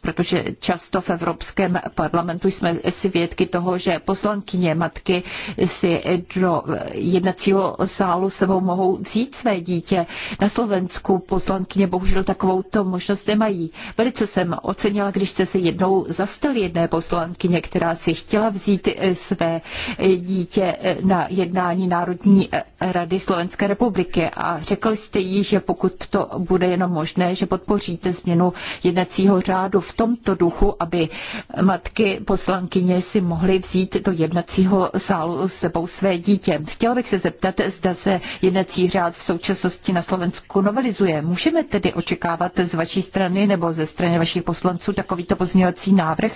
protože často v Evropském parlamentu jsme si vědky toho, že poslankyně matky si do jednacího sálu sebou mohou vzít své dítě. Na Slovensku poslankyně bohužel takovou to možnost nemají. Velice jsem ocenila, když jste se jednou zastal jedné poslankyně, která si chtěla vzít eh, své eh, dítě eh, na jednání Národní rady Slovenské republiky a řekl jste jí, že pokud to bude jenom možné, že podpoříte změnu jednacího řádu v v tomto duchu, aby matky poslankyně si mohly vzít do jednacího sálu s sebou své dítě. Chtěla bych se zeptat, zda se jednací řád v současnosti na Slovensku novelizuje. Můžeme tedy očekávat z vaší strany nebo ze strany vašich poslanců takovýto pozměňovací návrh?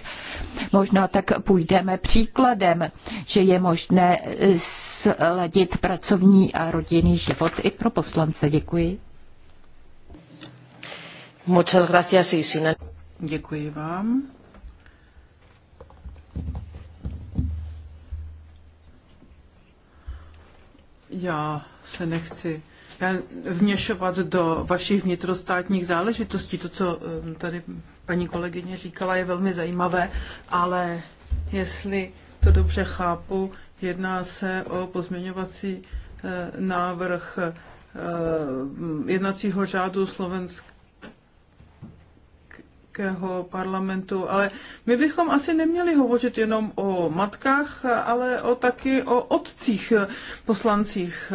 Možná tak půjdeme příkladem, že je možné sladit pracovní a rodinný život i pro poslance. Děkuji. Muchas gracias, Isina. Děkuji vám. Já se nechci vměšovat do vašich vnitrostátních záležitostí. To, co um, tady paní kolegyně říkala, je velmi zajímavé, ale jestli to dobře chápu, jedná se o pozměňovací eh, návrh eh, jednacího řádu Slovensk Evropského parlamentu, ale my bychom asi neměli hovořit jenom o matkách, ale o taky o otcích poslancích.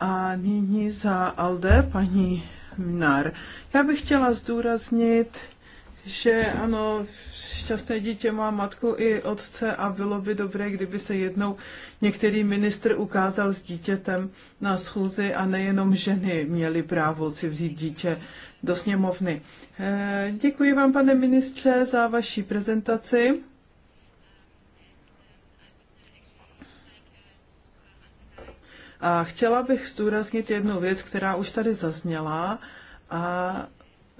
A nyní za Alde paní Minár. Já bych chtěla zdůraznit že ano, šťastné dítě má matku i otce a bylo by dobré, kdyby se jednou některý ministr ukázal s dítětem na schůzi a nejenom ženy měly právo si vzít dítě do sněmovny. Eh, děkuji vám, pane ministře, za vaši prezentaci. A chtěla bych zdůraznit jednu věc, která už tady zazněla, a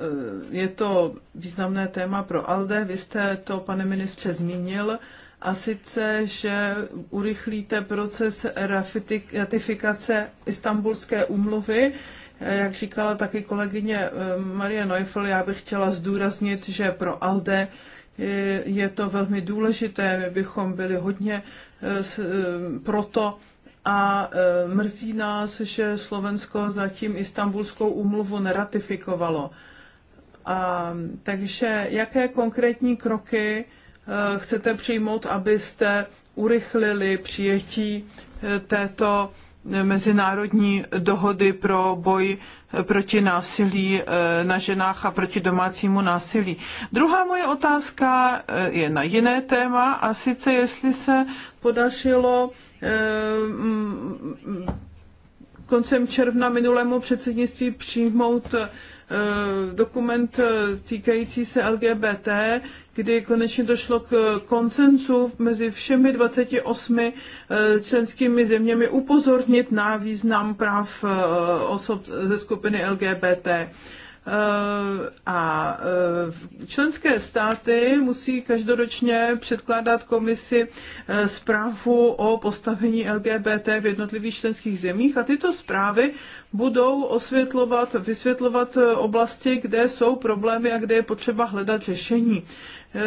Eh, je to významné téma pro ALDE. Vy jste to, pane ministře, zmínil. A sice, že urychlíte proces ratifikace istambulské úmluvy, eh, jak říkala taky kolegyně eh, Marie Neufel, já bych chtěla zdůraznit, že pro ALDE je to velmi důležité, my bychom byli hodně proto, a mrzí nás, že Slovensko zatím Istanbulskou úmluvu neratifikovalo. A, ehm, takže jaké konkrétní kroky eh, chcete přijmout, abyste urychlili přijetí eh, této eh, mezinárodní dohody pro boj proti násilí na ženách a proti domácímu násilí. Druhá moje otázka je na jiné téma a sice jestli se podařilo koncem června minulému předsednictví přijmout eh, dokument eh, týkající se LGBT, kdy konečně došlo k konsenzu mezi všemi 28 eh, členskými zeměmi upozornit na význam práv osob ze skupiny LGBT. Eh, a eh, členské státy musí každoročně předkládat komisi eh, zprávu o postavení LGBT v jednotlivých členských zemích a tyto zprávy budou osvětlovat, vysvětlovat oblasti, kde jsou problémy a kde je potřeba hledat řešení.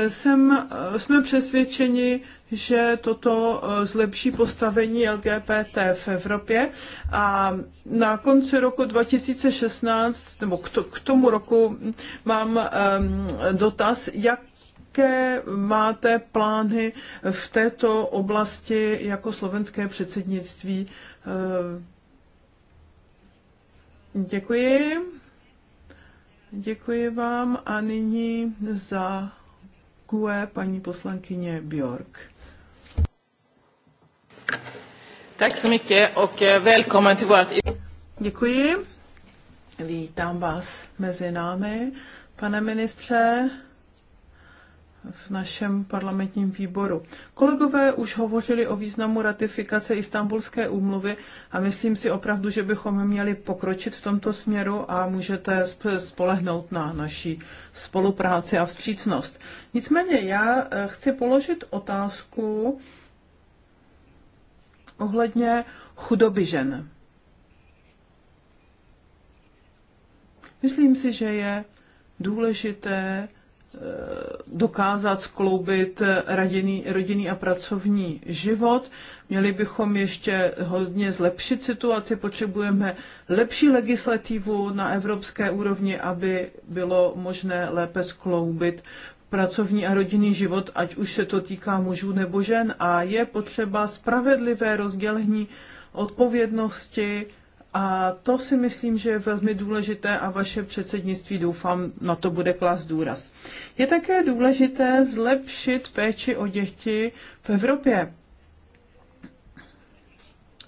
Jsem, jsme přesvědčeni, že toto eh, zlepší postavení LGBT v Evropě a na konci roku 2016, nebo k tomu roku, mám dotaz, jak jaké máte plány v této oblasti jako slovenské předsednictví? Eh, děkuji. Děkuji vám a nyní za GUE paní poslankyně Björk. Tak se mě ok, välkommen till vårt... Děkuji. Vítám vás mezi námi, pane ministře v našem parlamentním výboru. Kolegové už hovořili o významu ratifikace Istanbulské úmluvy a myslím si opravdu, že bychom měli pokročit v tomto směru a můžete spolehnout na naší spolupráci a vstřícnost. Nicméně já eh, chci položit otázku ohledně chudoby žen. Myslím si, že je důležité Eh, dokázat skloubit rodinný, rodinný a pracovní život. Měli bychom ještě hodně zlepšit situaci, potřebujeme lepší legislativu na evropské úrovni, aby bylo možné lépe skloubit pracovní a rodinný život, ať už se to týká mužů nebo žen. A je potřeba spravedlivé rozdělení odpovědnosti a to si myslím, že je velmi důležité a vaše předsednictví, doufám, na to bude klást důraz. Je také důležité zlepšit péči o děti v Evropě.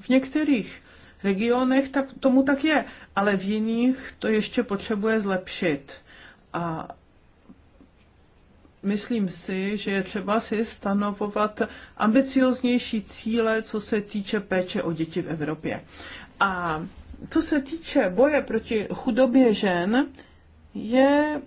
V některých regionech tak, tomu tak je, ale v jiných to ještě potřebuje zlepšit. A myslím si, že je třeba si stanovovat ambicioznější cíle, co se týče péče o děti v Evropě. A co se týče boje proti chudobě žen, je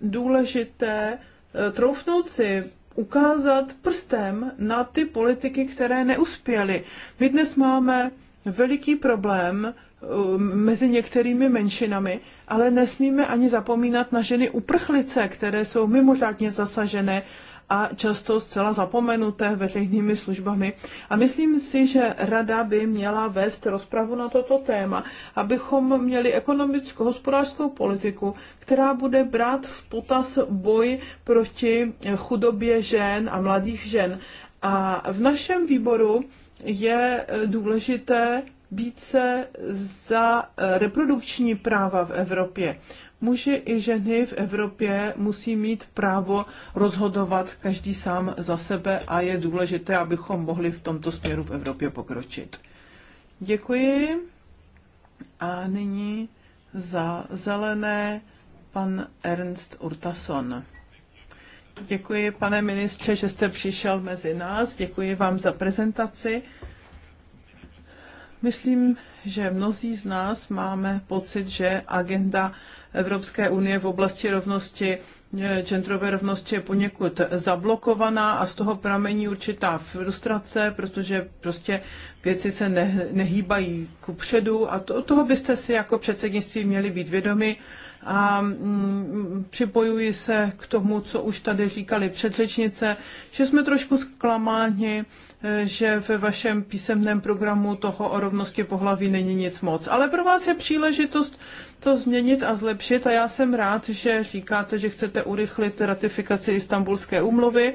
důležité eh, troufnout si ukázat prstem na ty politiky, které neuspěly. My dnes máme veliký problém eh, mezi některými menšinami, ale nesmíme ani zapomínat na ženy uprchlice, které jsou mimořádně zasažené a často zcela zapomenuté veřejnými službami. A myslím si, že rada by měla vést rozpravu na toto téma, abychom měli ekonomickou hospodářskou politiku, která bude brát v potaz boj proti chudobě žen a mladých žen. A v našem výboru je důležité být za reprodukční práva v Evropě. Muži i ženy v Evropě musí mít právo rozhodovat každý sám za sebe a je důležité, abychom mohli v tomto směru v Evropě pokročit. Děkuji. A nyní za zelené pan Ernst Urtason. Děkuji, pane ministře, že jste přišel mezi nás. Děkuji vám za prezentaci. Myslím, že mnozí z nás máme pocit, že agenda Evropské unie v oblasti rovnosti eh, genderové rovnosti je poněkud zablokovaná a z toho pramení určitá frustrace, protože prostě věci se ne, nehýbají ku předu a to, toho byste si jako předsednictví měli být vědomi a mm, připojuji se k tomu, co už tady říkali předřečnice, že jsme trošku zklamáni, že ve vašem písemném programu toho o rovnosti pohlaví není nic moc. Ale pro vás je příležitost to změnit a zlepšit a já jsem rád, že říkáte, že chcete urychlit ratifikaci Istanbulské úmluvy.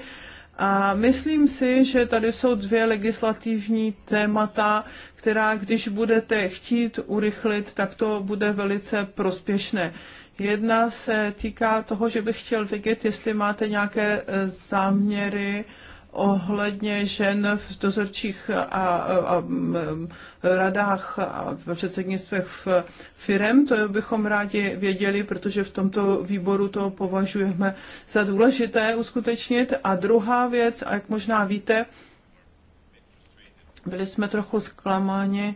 A myslím si, že tady jsou dvě legislativní témata, která, když budete chtít urychlit, tak to bude velice prospěšné. Jedna se týká toho, že bych chtěl vědět, jestli máte nějaké e, záměry ohledně žen v dozorčích a, a, a e, radách a v předsednictvech v firem. To bychom rádi věděli, protože v tomto výboru to považujeme za důležité uskutečnit. A druhá věc, a jak možná víte, byli jsme trochu zklamáni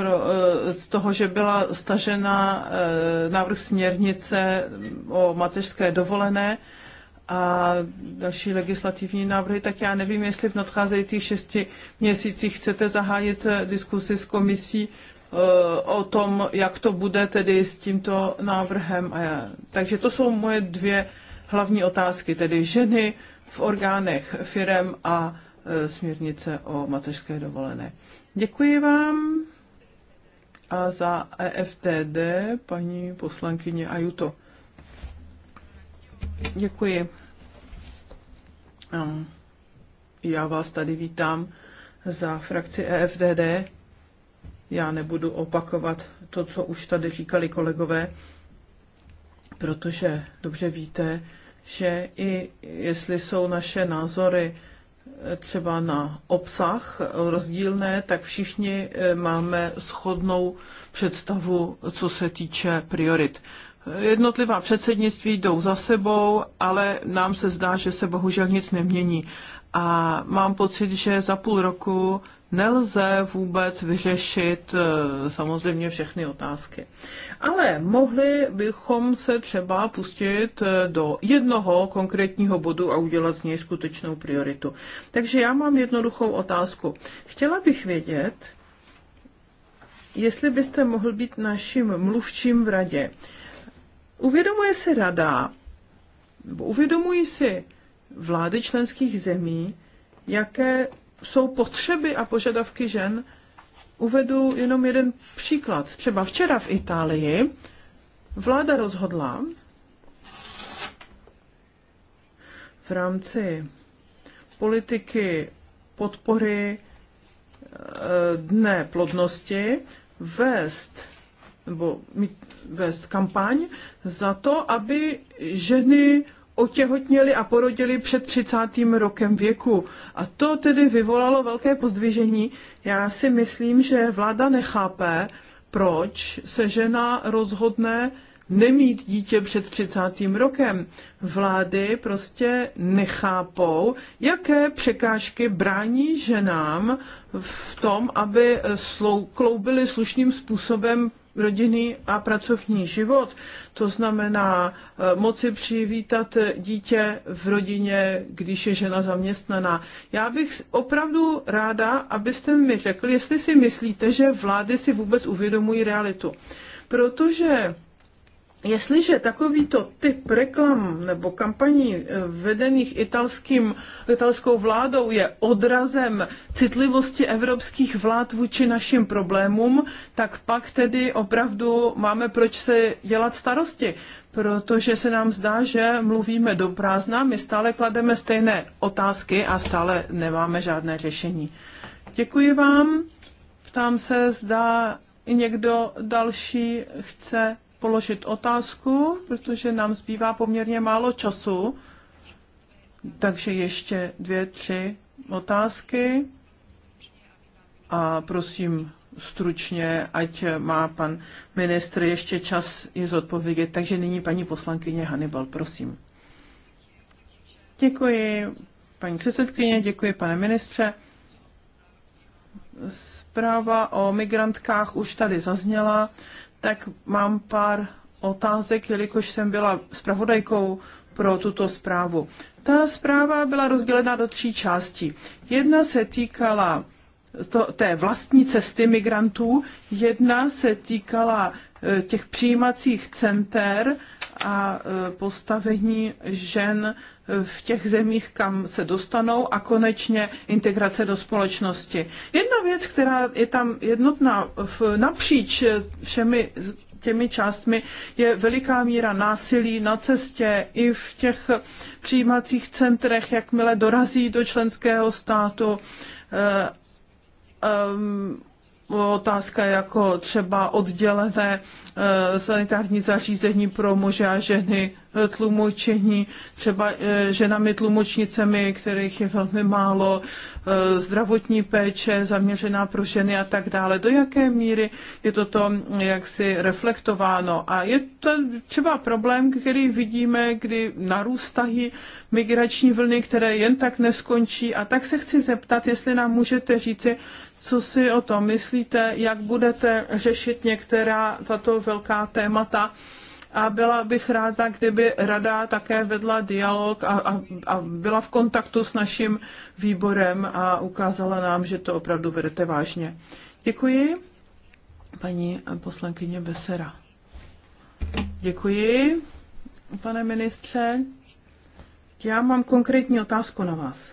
pro, eh, z toho, že byla stažena eh, návrh směrnice o mateřské dovolené a další legislativní návrhy, tak já nevím, jestli v nadcházejících šesti měsících chcete zahájit eh, diskusi s komisí o tom, jak to bude tedy s tímto návrhem. Takže to jsou moje dvě hlavní otázky, tedy ženy v orgánech firem a směrnice o mateřské dovolené. Děkuji vám a za EFTD paní poslankyně Ajuto. Děkuji. Já vás tady vítám za frakci EFDD. Já nebudu opakovat to, co už tady říkali kolegové, protože dobře víte, že i jestli jsou naše názory třeba na obsah rozdílné, tak všichni eh, máme shodnou představu, co se týče priorit. Jednotlivá předsednictví jdou za sebou, ale nám se zdá, že se bohužel nic nemění. A mám pocit, že za půl roku nelze vůbec vyřešit eh, samozřejmě všechny otázky. Ale mohli bychom se třeba pustit eh, do jednoho konkrétního bodu a udělat z něj skutečnou prioritu. Takže já mám jednoduchou otázku. Chtěla bych vědět, jestli byste mohl být naším mluvčím v radě. Uvědomuje si rada, uvědomují si vlády členských zemí, jaké jsou potřeby a požadavky žen. Uvedu jenom jeden příklad. Třeba včera v Itálii vláda rozhodla v rámci politiky podpory eh, dne plodnosti vést nebo mít, vést kampaň za to, aby ženy otěhotněli a porodili před 30. rokem věku. A to tedy vyvolalo velké pozdvižení. Já si myslím, že vláda nechápe, proč se žena rozhodne nemít dítě před 30. rokem. Vlády prostě nechápou, jaké překážky brání ženám v tom, aby kloubili slušným způsobem rodinný a pracovní život. To znamená eh, moci přivítat eh, dítě v rodině, když je žena zaměstnaná. Já bych opravdu ráda, abyste mi řekli, jestli si myslíte, že vlády si vůbec uvědomují realitu. Protože Jestliže takovýto typ reklam nebo kampaní eh, vedených italským, italskou vládou je odrazem citlivosti evropských vlád vůči našim problémům, tak pak tedy opravdu máme proč se dělat starosti, protože se nám zdá, že mluvíme do prázdna, my stále klademe stejné otázky a stále nemáme žádné řešení. Děkuji vám. Ptám se, zda někdo další chce položit otázku, protože nám zbývá poměrně málo času. Takže ještě dvě, tři otázky. A prosím stručně, ať má pan ministr ještě čas je zodpovědět. Takže nyní paní poslankyně Hannibal, prosím. Děkuji, paní předsedkyně, děkuji, pane ministře. Zpráva o migrantkách už tady zazněla tak mám pár otázek, jelikož jsem byla zpravodajkou pro tuto zprávu. Ta zpráva byla rozdělena do tří částí. Jedna se týkala to, té vlastní cesty migrantů, jedna se týkala E, těch přijímacích center a e, postavení žen v těch zemích, kam se dostanou a konečně integrace do společnosti. Jedna věc, která je tam jednotná v, napříč všemi těmi částmi je veliká míra násilí na cestě i v těch přijímacích centrech, jakmile dorazí do členského státu. Um, otázka jako třeba oddělené eh, sanitární zařízení pro muže a ženy tlumočení, třeba e, ženami tlumočnicemi, kterých je velmi málo, e, zdravotní péče zaměřená pro ženy a tak dále. Do jaké míry je toto jaksi reflektováno? A je to třeba problém, který vidíme, kdy narůstají migrační vlny, které jen tak neskončí. A tak se chci zeptat, jestli nám můžete říci, co si o tom myslíte, jak budete řešit některá tato velká témata, a byla bych ráda, kdyby rada také vedla dialog a, a, a byla v kontaktu s naším výborem a ukázala nám, že to opravdu vedete vážně. Děkuji. Paní poslankyně Besera. Děkuji, pane ministře. Já mám konkrétní otázku na vás.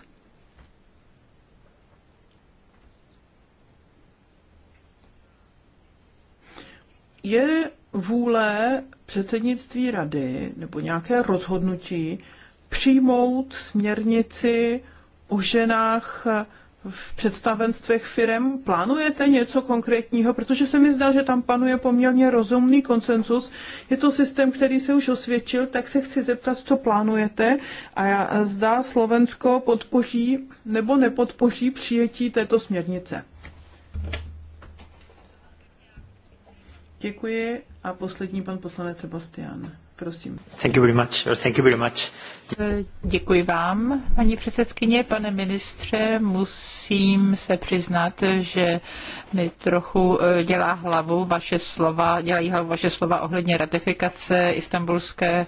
Je vůle předsednictví rady nebo nějaké rozhodnutí přijmout směrnici o ženách v představenstvech firem plánujete něco konkrétního, protože se mi zdá, že tam panuje poměrně rozumný konsensus. Je to systém, který se už osvědčil, tak se chci zeptat, co plánujete a já, zdá Slovensko podpoří nebo nepodpoří přijetí této směrnice. Děkuji a poslední pan poslanec Sebastian. Prosím. Thank you very much. thank you very much. Eh, děkuji vám, paní předsedkyně, pane ministře. Musím se přiznat, že mi trochu eh, dělá hlavu vaše slova, dělají hlavu vaše slova ohledně ratifikace istambulského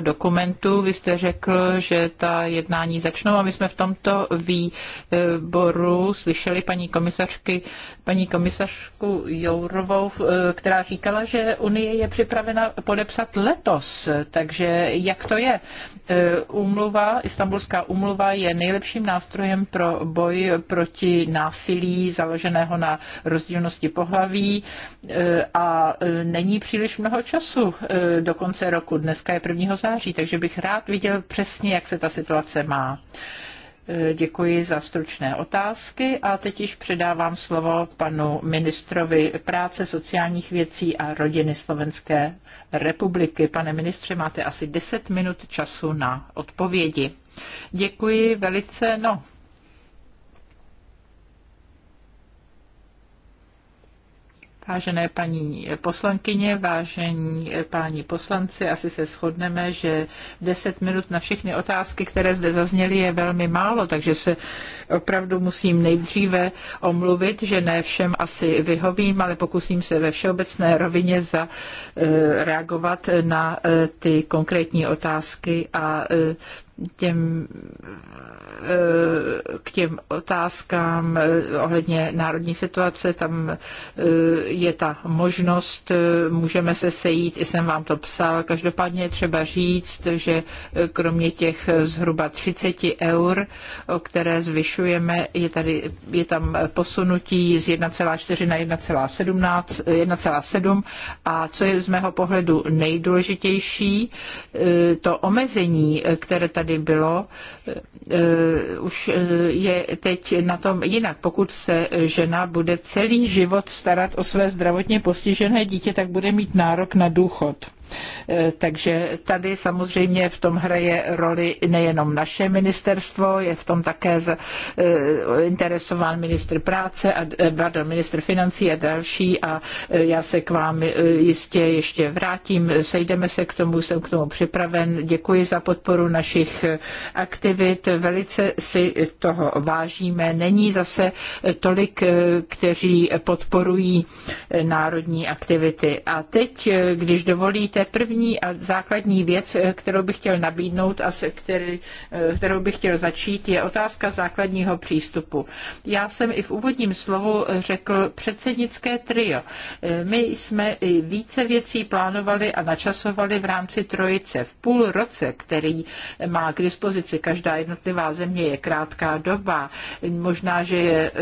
dokumentu. Vy jste řekl, že ta jednání začnou a my jsme v tomto výboru slyšeli paní komisařky, paní komisařku Jourovou, eh, která říkala, že Unie je připravena podepsat letos letos. Takže jak to je? E, umluva, Istanbulská úmluva je nejlepším nástrojem pro boj proti násilí založeného na rozdílnosti pohlaví e, a e, není příliš mnoho času do konce roku. Dneska je 1. září, takže bych rád viděl přesně, jak se ta situace má. Děkuji za stručné otázky a teď již předávám slovo panu ministrovi práce, sociálních věcí a rodiny Slovenské republiky. Pane ministře, máte asi 10 minut času na odpovědi. Děkuji velice. No, Vážené paní poslankyně, vážení páni poslanci, asi se shodneme, že 10 minut na všechny otázky, které zde zazněly, je velmi málo, takže se opravdu musím nejdříve omluvit, že ne všem asi vyhovím, ale pokusím se ve všeobecné rovině zareagovat eh, na eh, ty konkrétní otázky a eh, těm, eh, k těm otázkám eh, ohledně národní situace. Tam eh, je ta možnost, můžeme se sejít, i jsem vám to psal. Každopádně je třeba říct, že kromě těch zhruba 30 eur, o které zvyšujeme, je, tady, je tam posunutí z 1,4 na 1,7 a co je z mého pohledu nejdůležitější, to omezení, které tady tady bylo, eh, eh, už eh, je teď na tom jinak. Pokud se žena bude celý život starat o své zdravotně postižené dítě, tak bude mít nárok na důchod. Eh, takže tady samozřejmě v tom hraje roli nejenom naše ministerstvo, je v tom také eh, interesován ministr práce, a, eh, pardon, ministr financí a další a já se k vám jistě ještě vrátím, sejdeme se k tomu, jsem k tomu připraven. Děkuji za podporu našich aktivit, velice si toho vážíme. Není zase tolik, kteří podporují národní aktivity. A teď, když dovolíte, je první a základní věc, eh, kterou bych chtěl nabídnout a se který, eh, kterou bych chtěl začít, je otázka základního přístupu. Já jsem i v úvodním slovu řekl předsednické trio. Eh, my jsme více věcí plánovali a načasovali v rámci trojice. V půl roce, který má k dispozici každá jednotlivá země, je krátká doba. Možná, že je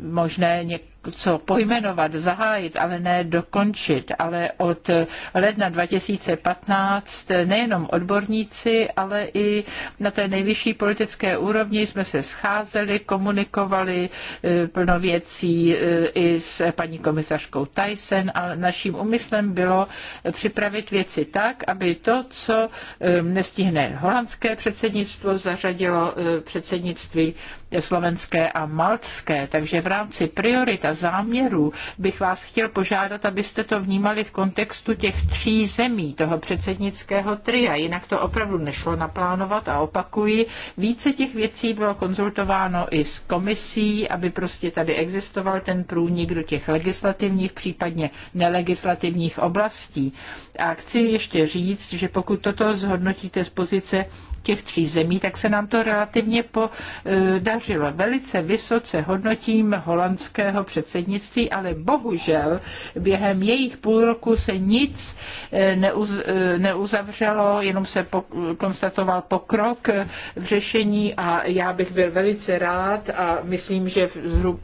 možné někdo co pojmenovat, zahájit, ale ne dokončit. Ale od ledna 2015 nejenom odborníci, ale i na té nejvyšší politické úrovni jsme se scházeli, komunikovali eh, plno věcí eh, i s paní komisařkou Tyson a naším úmyslem bylo připravit věci tak, aby to, co eh, nestihne holandské předsednictvo, zařadilo předsednictví slovenské a maltské. Takže v rámci priorit a záměrů bych vás chtěl požádat, abyste to vnímali v kontextu těch tří zemí, toho předsednického tria. Jinak to opravdu nešlo naplánovat a opakuji, více těch věcí bylo konzultováno i s komisí, aby prostě tady existoval ten průnik do těch legislativních, případně nelegislativních oblastí. A chci ještě říct, že pokud toto zhodnotíte z pozice těch tří zemí, tak se nám to relativně podařilo. Velice vysoce hodnotím holandského předsednictví, ale bohužel během jejich půl roku se nic eh, neuz, eh, neuzavřelo, jenom se po, konstatoval pokrok v řešení a já bych byl velice rád a myslím, že v,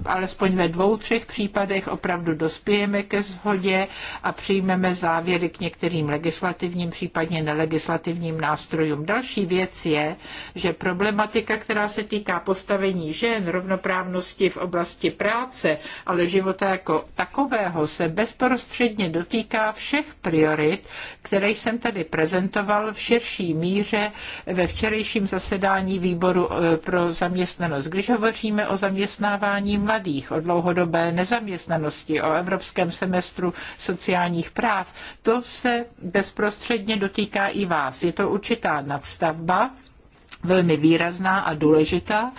alespoň ve dvou, třech případech opravdu dospějeme ke shodě a přijmeme závěry k některým legislativním, případně nelegislativním nástrojům. Další věc, věc je, že problematika, která se týká postavení žen, rovnoprávnosti v oblasti práce, ale života jako takového, se bezprostředně dotýká všech priorit, které jsem tady prezentoval v širší míře ve včerejším zasedání výboru eh, pro zaměstnanost. Když hovoříme o zaměstnávání mladých, o dlouhodobé nezaměstnanosti, o evropském semestru sociálních práv, to se bezprostředně dotýká i vás. Je to určitá nadstavba, a velmi výrazná a důležitá.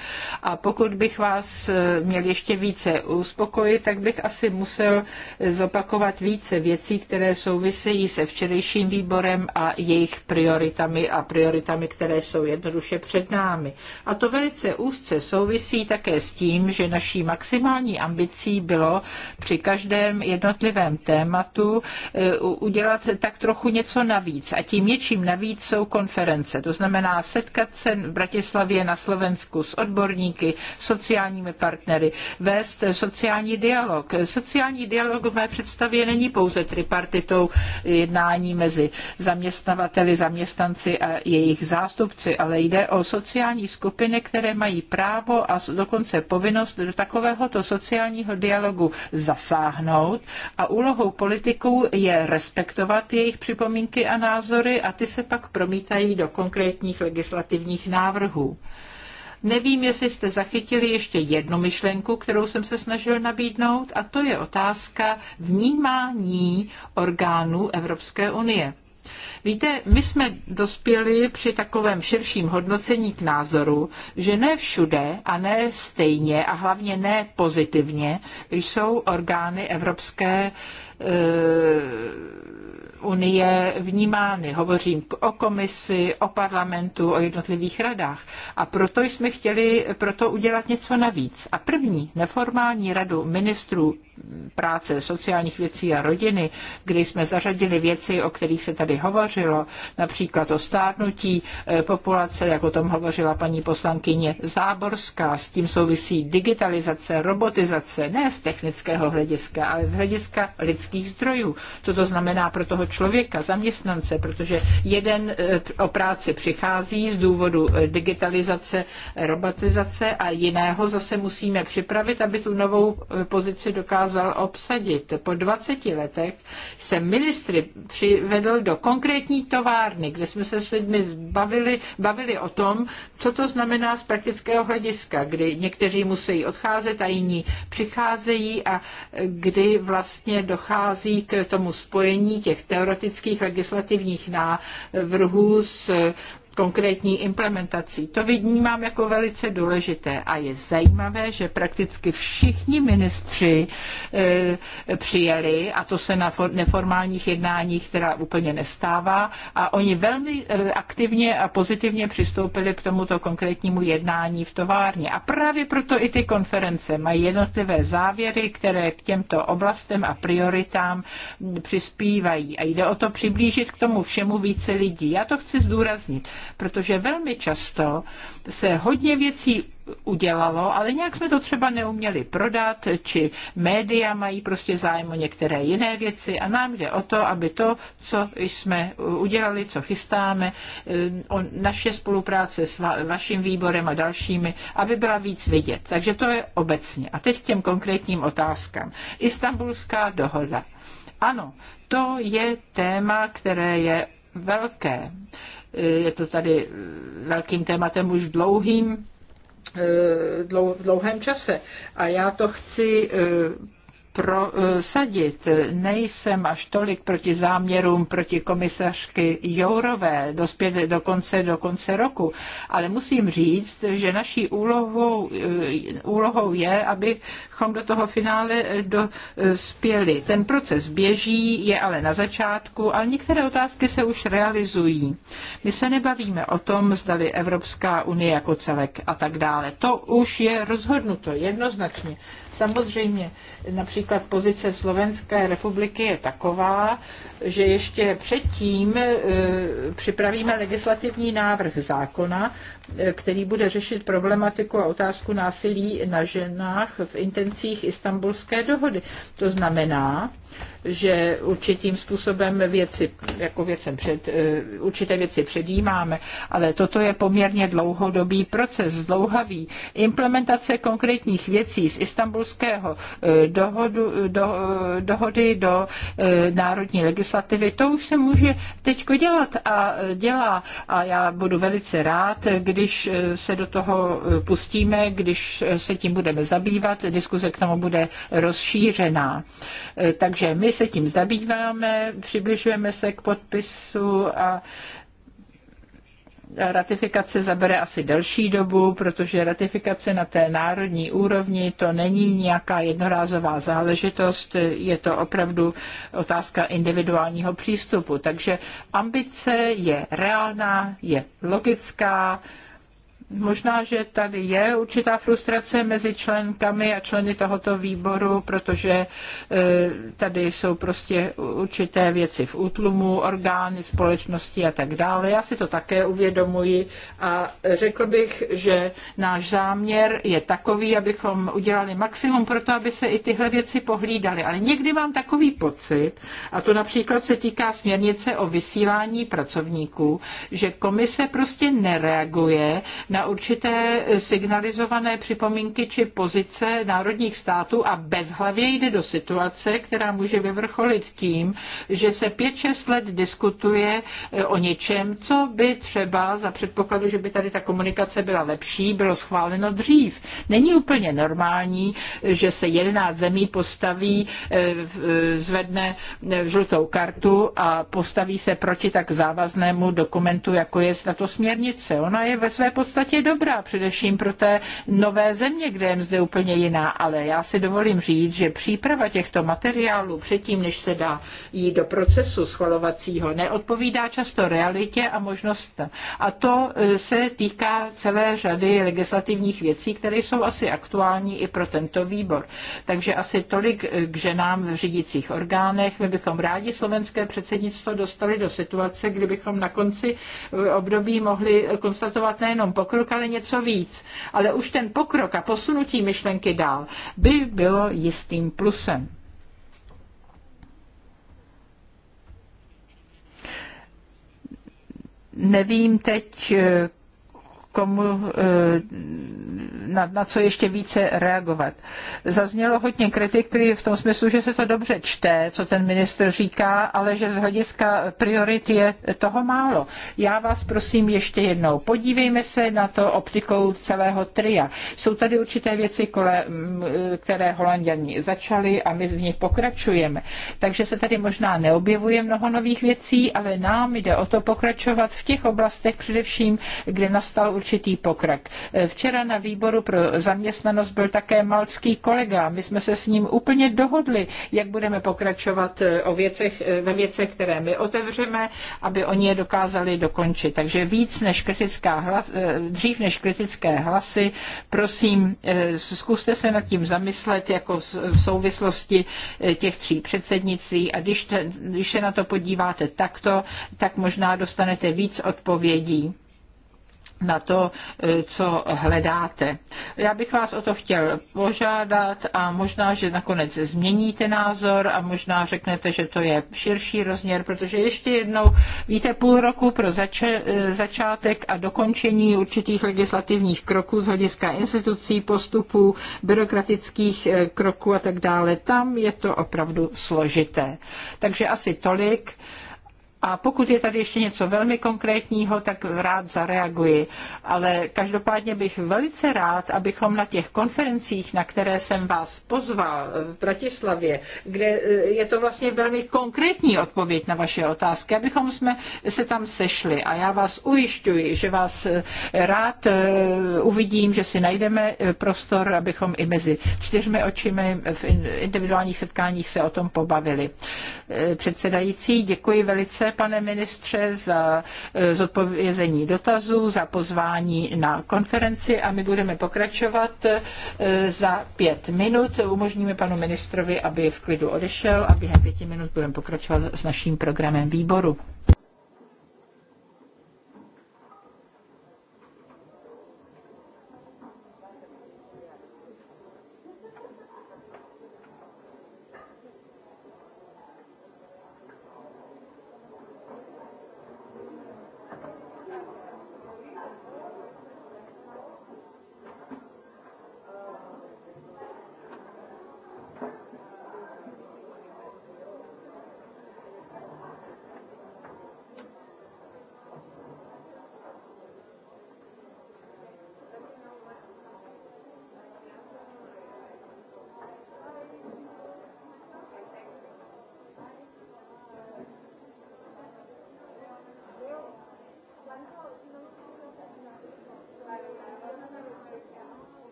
A pokud bych vás eh, měl ještě více uspokojit, tak bych asi musel eh, zopakovat více věcí, které souvisejí se včerejším výborem a jejich prioritami a prioritami, které jsou jednoduše před námi. A to velice úzce souvisí také s tím, že naší maximální ambicí bylo při každém jednotlivém tématu eh, udělat tak trochu něco navíc. A tím něčím navíc jsou konference, to znamená setkat se v Bratislavě na Slovensku s odborníky, sociálními partnery, vést sociální dialog. Sociální dialog v mé představě není pouze tripartitou jednání mezi zaměstnavateli, zaměstnanci a jejich zástupci, ale jde o sociální skupiny, které mají právo a dokonce povinnost do takovéhoto sociálního dialogu zasáhnout a úlohou politiků je respektovat jejich připomínky a názory a ty se pak promítají do konkrétních legislativních pozměňovacích návrhů. Nevím, jestli jste zachytili ještě jednu myšlenku, kterou jsem se snažil nabídnout, a to je otázka vnímání orgánů Evropské unie. Víte, my jsme dospěli při takovém širším hodnocení k názoru, že ne všude a ne stejně a hlavně ne pozitivně jsou orgány Evropské eh, unie vnímány. Hovořím o komisi, o parlamentu, o jednotlivých radách. A proto jsme chtěli proto udělat něco navíc. A první neformální radu ministrů práce, sociálních věcí a rodiny, kdy jsme zařadili věci, o kterých se tady hovořilo, například o stárnutí eh, populace, jak o tom hovořila paní poslankyně Záborská, s tím souvisí digitalizace, robotizace, ne z technického hlediska, ale z hlediska lidských zdrojů. Co to znamená pro toho člověka, zaměstnance, protože jeden eh, o práci přichází z důvodu eh, digitalizace, robotizace a jiného zase musíme připravit, aby tu novou pozici dokázal dokázal obsadit. Po 20 letech se ministry přivedl do konkrétní továrny, kde jsme se s lidmi bavili, bavili o tom, co to znamená z praktického hlediska, kdy někteří musí odcházet a jiní přicházejí a kdy vlastně dochází k tomu spojení těch teoretických legislativních návrhů s konkrétní implementací. To vnímám jako velice důležité a je zajímavé, že prakticky všichni ministři e, přijeli, a to se na neformálních jednáních, která úplně nestává, a oni velmi e, aktivně a pozitivně přistoupili k tomuto konkrétnímu jednání v továrně. A právě proto i ty konference mají jednotlivé závěry, které k těmto oblastem a prioritám přispívají. A jde o to přiblížit k tomu všemu více lidí. Já to chci zdůraznit protože velmi často se hodně věcí udělalo, ale nějak jsme to třeba neuměli prodat, či média mají prostě zájem o některé jiné věci a nám jde o to, aby to, co jsme udělali, co chystáme, eh, o naše spolupráce s vaším výborem a dalšími, aby byla víc vidět. Takže to je obecně. A teď k těm konkrétním otázkám. Istanbulská dohoda. Ano, to je téma, které je velké. Je to tady eh, velkým tématem už dlouhým, eh, dlou, v dlouhém čase. A já to chci eh, prosadit. Nejsem až tolik proti záměrům proti komisařky Jourové dospět do konce, do konce roku, ale musím říct, že naší úlohou, eh, úlohou je, abychom do toho finále dospěli. Ten proces běží, je ale na začátku, ale některé otázky se už realizují. My se nebavíme o tom, zdali Evropská unie jako celek a tak dále. To už je rozhodnuto jednoznačně. Samozřejmě například pozice Slovenské republiky je taková, že ještě předtím e, připravíme legislativní návrh zákona, e, který bude řešit problematiku a otázku násilí na ženách v intencích istambulské dohody. To znamená, že určitým způsobem věci, jako věcem před, eh, určité věci předjímáme, ale toto je poměrně dlouhodobý proces, dlouhavý. Implementace konkrétních věcí z istambulského eh, dohodu, eh, do, dohody do národní legislativy, to už se může teď dělat a dělá. A já budu velice rád, když se do toho pustíme, když se tím budeme zabývat, diskuze k tomu bude rozšířená. Takže my se tím zabýváme, přibližujeme se k podpisu a ratifikace zabere asi delší dobu, protože ratifikace na té národní úrovni to není nějaká jednorázová záležitost, je to opravdu otázka individuálního přístupu. Takže ambice je reálná, je logická, Možná, že tady je určitá frustrace mezi členkami a členy tohoto výboru, protože e, tady jsou prostě určité věci v útlumu, orgány společnosti a tak dále. Já si to také uvědomuji a řekl bych, že náš záměr je takový, abychom udělali maximum pro to, aby se i tyhle věci pohlídaly. Ale někdy mám takový pocit, a to například se týká směrnice o vysílání pracovníků, že komise prostě nereaguje na na určité signalizované připomínky či pozice národních států a bezhlavě jde do situace, která může vyvrcholit tím, že se 5-6 let diskutuje eh, o něčem, co by třeba za předpokladu, že by tady ta komunikace byla lepší, bylo schváleno dřív. Není úplně normální, eh, že se 11 zemí postaví, eh, zvedne žlutou kartu a postaví se proti tak závaznému dokumentu, jako je tato směrnice. Ona je ve své podstatě je dobrá, především pro té nové země, kde je mzde úplně jiná, ale já si dovolím říct, že příprava těchto materiálů předtím, než se dá jít do procesu schvalovacího, neodpovídá často realitě a možnostem. A to e, se týká celé řady legislativních věcí, které jsou asi aktuální i pro tento výbor. Takže asi tolik e, k ženám v řídicích orgánech. My bychom rádi slovenské předsednictvo dostali do situace, kdybychom na konci e, období mohli konstatovat nejenom pokrok, pokrok, ale něco víc. Ale už ten pokrok a posunutí myšlenky dál by bylo jistým plusem. Nevím teď, komu eh, na, na co ještě více reagovat. Zaznělo hodně kritiky v tom smyslu, že se to dobře čte, co ten minister říká, ale že z hlediska priorit je toho málo. Já vás prosím ještě jednou, podívejme se na to optikou celého tria. Jsou tady určité věci, které holanděni začali a my v nich pokračujeme. Takže se tady možná neobjevuje mnoho nových věcí, ale nám jde o to pokračovat v těch oblastech především, kde nastal určitý pokrok. Včera na výboru výboru pro zaměstnanost byl také malcký kolega. My jsme se s ním úplně dohodli, jak budeme pokračovat eh, o věcech, eh, ve věcech, které my otevřeme, aby oni je dokázali dokončit. Takže víc než kritická hlas, eh, dřív než kritické hlasy, prosím, zkuste se nad tím zamyslet jako v souvislosti těch tří předsednictví a když, te, když se na to podíváte takto, tak možná dostanete víc odpovědí na to, eh, co hledáte. Já bych vás o to chtěl požádat a možná, že nakonec změníte názor a možná řeknete, že to je širší rozměr, protože ještě jednou, víte, půl roku pro zač- eh, začátek a dokončení určitých legislativních kroků z hlediska institucí, postupů, byrokratických eh, kroků a tak dále, tam je to opravdu složité. Takže asi tolik. A pokud je tady ještě něco velmi konkrétního, tak rád zareaguji. Ale každopádně bych velice rád, abychom na těch konferencích, na které jsem vás pozval v Bratislavě, kde eh, je to vlastně velmi konkrétní odpověď na vaše otázky, abychom jsme se tam sešli. A já vás ujišťuji, že vás eh, rád eh, uvidím, že si najdeme prostor, abychom i mezi čtyřmi očimi v individuálních setkáních se o tom pobavili. Předsedající, děkuji velice pane ministře, za e, zodpovězení dotazů, za pozvání na konferenci a my budeme pokračovat e, za pět minut. Umožníme panu ministrovi, aby v klidu odešel a během pěti minut budeme pokračovat s naším programem výboru.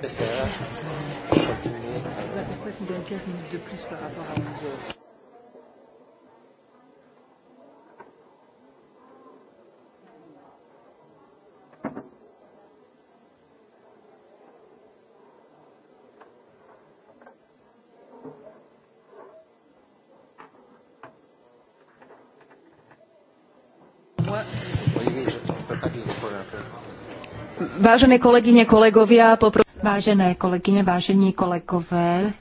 Pourquoi Vážené kolegyně, kolegovia, poprosím... Vážené kolegyně, vážení kolegové,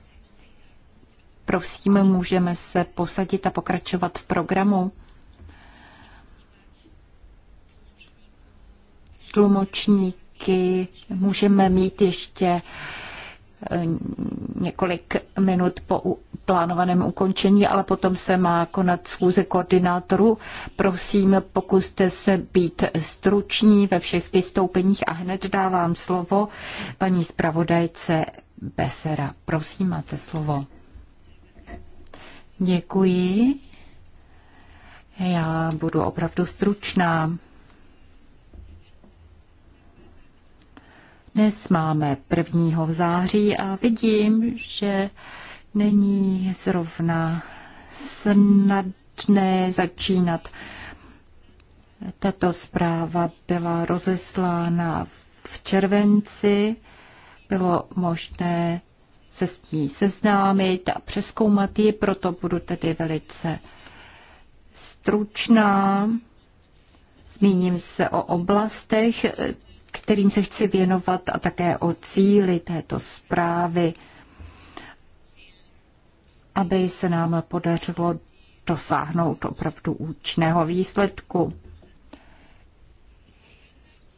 prosím, můžeme se posadit a pokračovat v programu. Tlumočníky můžeme mít ještě Eh, několik minut po plánovaném ukončení, ale potom se má konat schůze koordinátorů. Prosím, pokuste se být struční ve všech vystoupeních a hned dávám slovo paní zpravodajce Besera. Prosím, máte slovo. Děkuji. Já budu opravdu stručná. Dnes máme 1. září a vidím, že není zrovna snadné začínat. Tato zpráva byla rozeslána v červenci, bylo možné se s ní seznámit a přeskoumat ji, proto budu tedy velice stručná. Zmíním se o oblastech, kterým se chci věnovat a také o cíli této zprávy, aby se nám podařilo dosáhnout opravdu účného výsledku.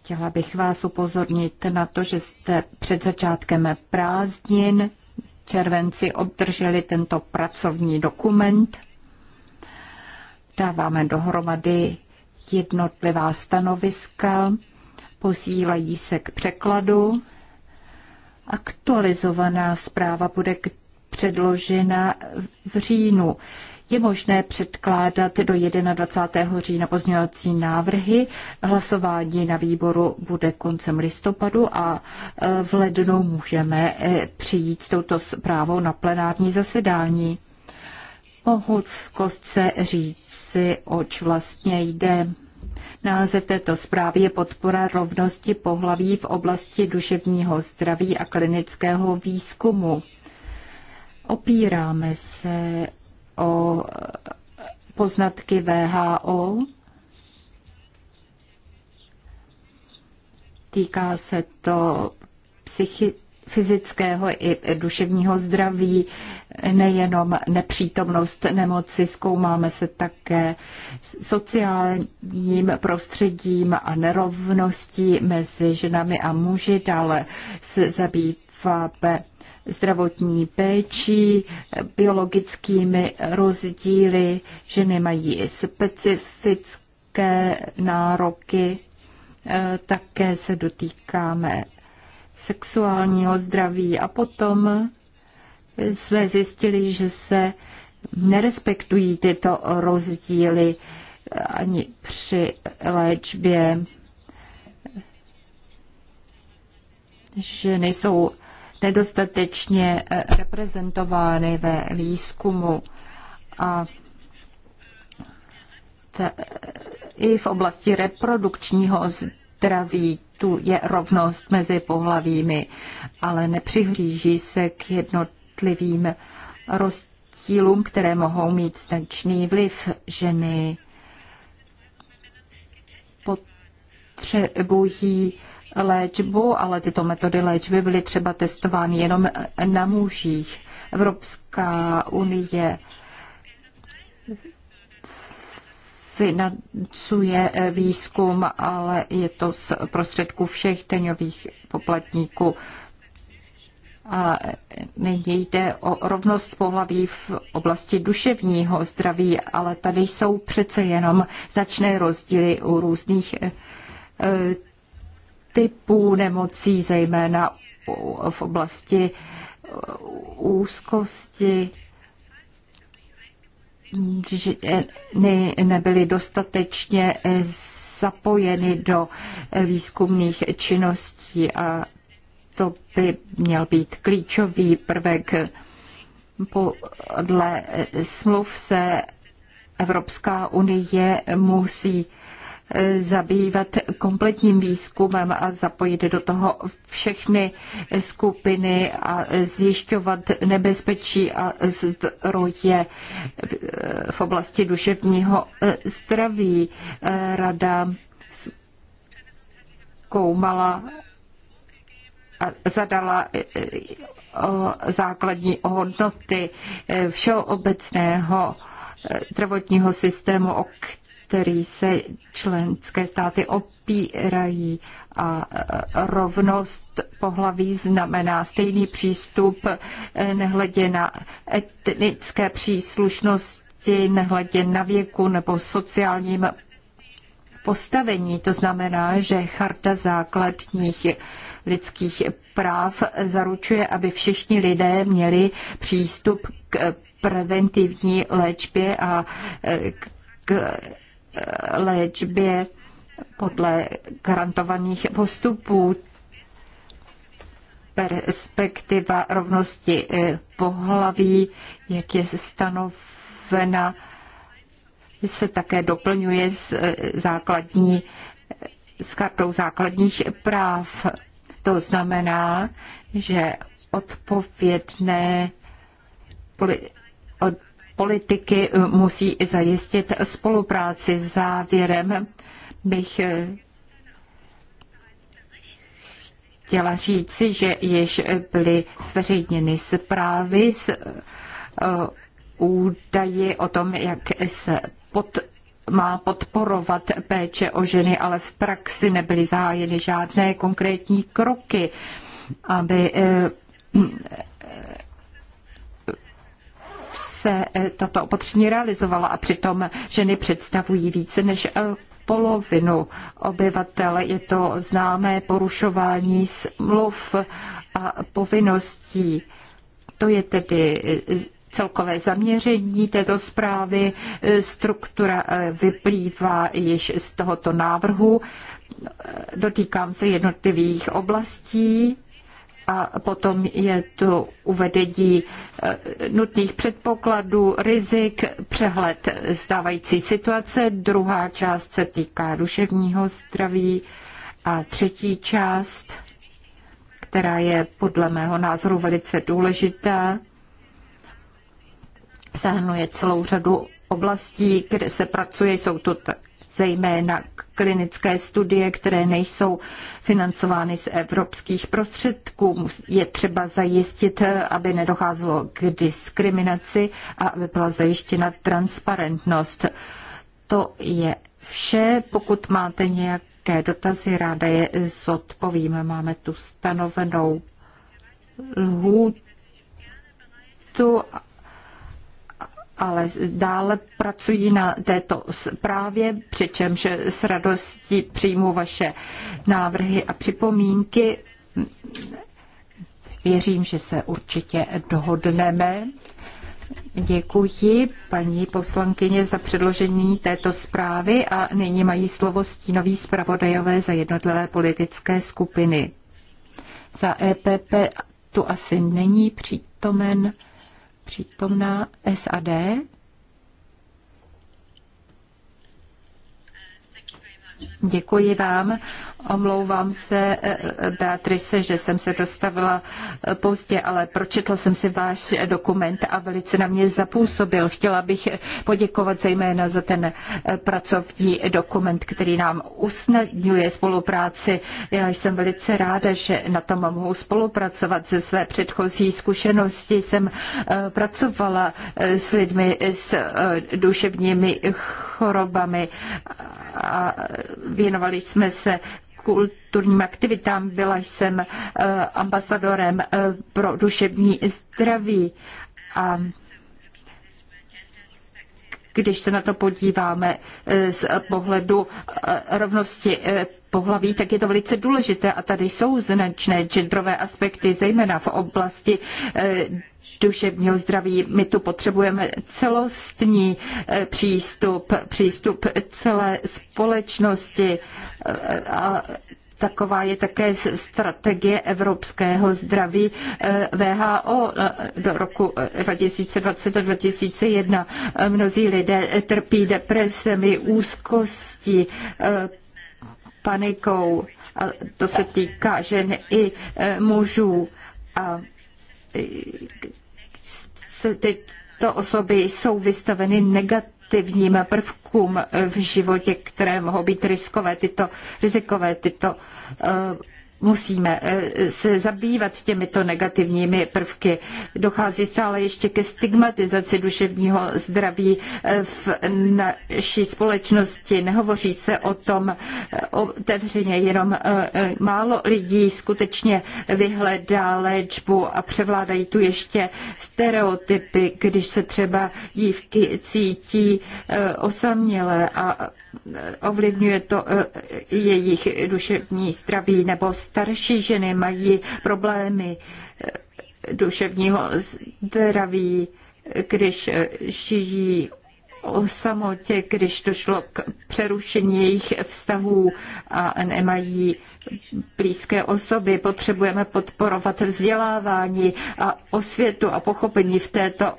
Chtěla bych vás upozornit na to, že jste před začátkem prázdnin červenci obdrželi tento pracovní dokument. Dáváme dohromady jednotlivá stanoviska posílají se k překladu. Aktualizovaná zpráva bude předložena v říjnu. Je možné předkládat do 21. října pozměňovací návrhy. Hlasování na výboru bude koncem listopadu a e, v lednu můžeme e, přijít s touto zprávou na plenární zasedání. Mohu v kostce říct si, oč vlastně jde. Název této zprávy je podpora rovnosti pohlaví v oblasti duševního zdraví a klinického výzkumu. Opíráme se o poznatky VHO. Týká se to psychického fyzického i duševního zdraví, nejenom nepřítomnost nemoci, zkoumáme se také sociálním prostředím a nerovností mezi ženami a muži, dále se zabýváme zdravotní péčí, biologickými rozdíly, ženy mají specifické nároky, eh, také se dotýkáme sexuálního zdraví a potom jsme zjistili, že se nerespektují tyto rozdíly ani při léčbě, že nejsou nedostatečně eh, reprezentovány ve výzkumu a i v oblasti reprodukčního zdraví, tu je rovnost mezi pohlavími, ale nepřihlíží se k jednotlivým rozdílům, které mohou mít značný vliv. Ženy potřebují léčbu, ale tyto metody léčby byly třeba testovány jenom na mužích. Evropská unie financuje eh, výzkum, ale je to z prostředků všech teňových poplatníků. A nyní jde o rovnost pohlaví v oblasti duševního zdraví, ale tady jsou přece jenom značné rozdíly u různých eh, typů nemocí, zejména v oblasti eh, úzkosti ženy eh, nebyly dostatečně eh, zapojeny do eh, výzkumných činností a to by měl být klíčový prvek. Podle smluv se Evropská unie musí zabývat kompletním výzkumem a zapojit do toho všechny skupiny a zjišťovat nebezpečí a zdroje v oblasti duševního zdraví. Rada zkoumala a zadala základní hodnoty všeobecného zdravotního systému, o který se členské státy opírají a rovnost pohlaví znamená stejný přístup eh, nehledě na etnické příslušnosti, nehledě na věku nebo sociálním postavení. To znamená, že Charta základních lidských práv zaručuje, aby všichni lidé měli přístup k preventivní léčbě a eh, k léčbě podle garantovaných postupů. Perspektiva rovnosti eh, pohlaví, jak je stanovena, se také doplňuje s eh, základní s kartou základních práv. To znamená, že odpovědné, odpovědné politiky eh, musí zajistit spolupráci. Závěrem bych eh, chtěla říci, že již byly zveřejněny zprávy s eh, údaji o tom, jak se pod má podporovat péče o ženy, ale v praxi nebyly zahájeny žádné konkrétní kroky, aby se eh, tato opatření realizovala a přitom ženy představují více než eh, polovinu obyvatel. Je to známé porušování smluv a povinností. To je tedy eh, celkové zaměření této zprávy. Struktura vyplývá již z tohoto návrhu. Dotýkám se jednotlivých oblastí a potom je tu uvedení eh, nutných předpokladů, rizik, přehled stávající situace. Druhá část se týká duševního zdraví a třetí část, která je podle mého názoru velice důležitá, zahrnuje celou řadu oblastí, kde se pracuje, jsou to zejména klinické studie, které nejsou financovány z evropských prostředků. Je třeba zajistit, aby nedocházelo k diskriminaci a aby byla zajištěna transparentnost. To je vše. Pokud máte nějaké dotazy, ráda je zodpovím. Máme tu stanovenou lhůtu ale dále pracují na této zprávě, přičemž s radostí přijmu vaše návrhy a připomínky. Věřím, že se určitě dohodneme. Děkuji paní poslankyně za předložení této zprávy a nyní mají slovo stínoví zpravodajové za jednotlivé politické skupiny. Za EPP tu asi není přítomen přítomná SAD. Děkuji vám. Omlouvám se, eh, eh, Beatrice, že jsem se dostavila eh, pozdě, ale pročetla jsem si váš dokument a velice na mě zapůsobil. Chtěla bych poděkovat zejména za ten pracovní dokument, který nám usnadňuje spolupráci. Já jsem velice ráda, že na tom mohu spolupracovat. Ze své předchozí zkušenosti jsem pracovala s lidmi s duševními chorobami a věnovali jsme se kulturním aktivitám. Byla jsem eh, ambasadorem eh, pro duševní zdraví a když se na to podíváme eh, z pohledu rovnosti pohlaví, tak je to velice důležité a tady jsou značné genderové aspekty, zejména v oblasti duševního zdraví. My tu potřebujeme celostní eh, přístup, přístup celé společnosti eh, a Taková je také strategie evropského zdraví eh, VHO do roku 2020 a 2001. Mnozí lidé trpí depresemi, úzkosti, panikou. A to se týká žen i mužů. A se tyto osoby jsou vystaveny negativním prvkům v životě, které mohou být riskové, tyto, rizikové, tyto eh, musíme eh, se zabývat těmito negativními prvky. Dochází stále ještě ke stigmatizaci duševního zdraví eh, v naší společnosti. Nehovoří se o tom eh, otevřeně, jenom málo lidí skutečně vyhledá léčbu a převládají tu ještě stereotypy, když se třeba dívky cítí osamělé a ovlivňuje to jejich duševní zdraví nebo starší ženy mají problémy eh, duševního zdraví, když eh, žijí o samotě, když došlo k přerušení jejich vztahů a nemají blízké osoby. Potřebujeme podporovat vzdělávání a osvětu a pochopení v této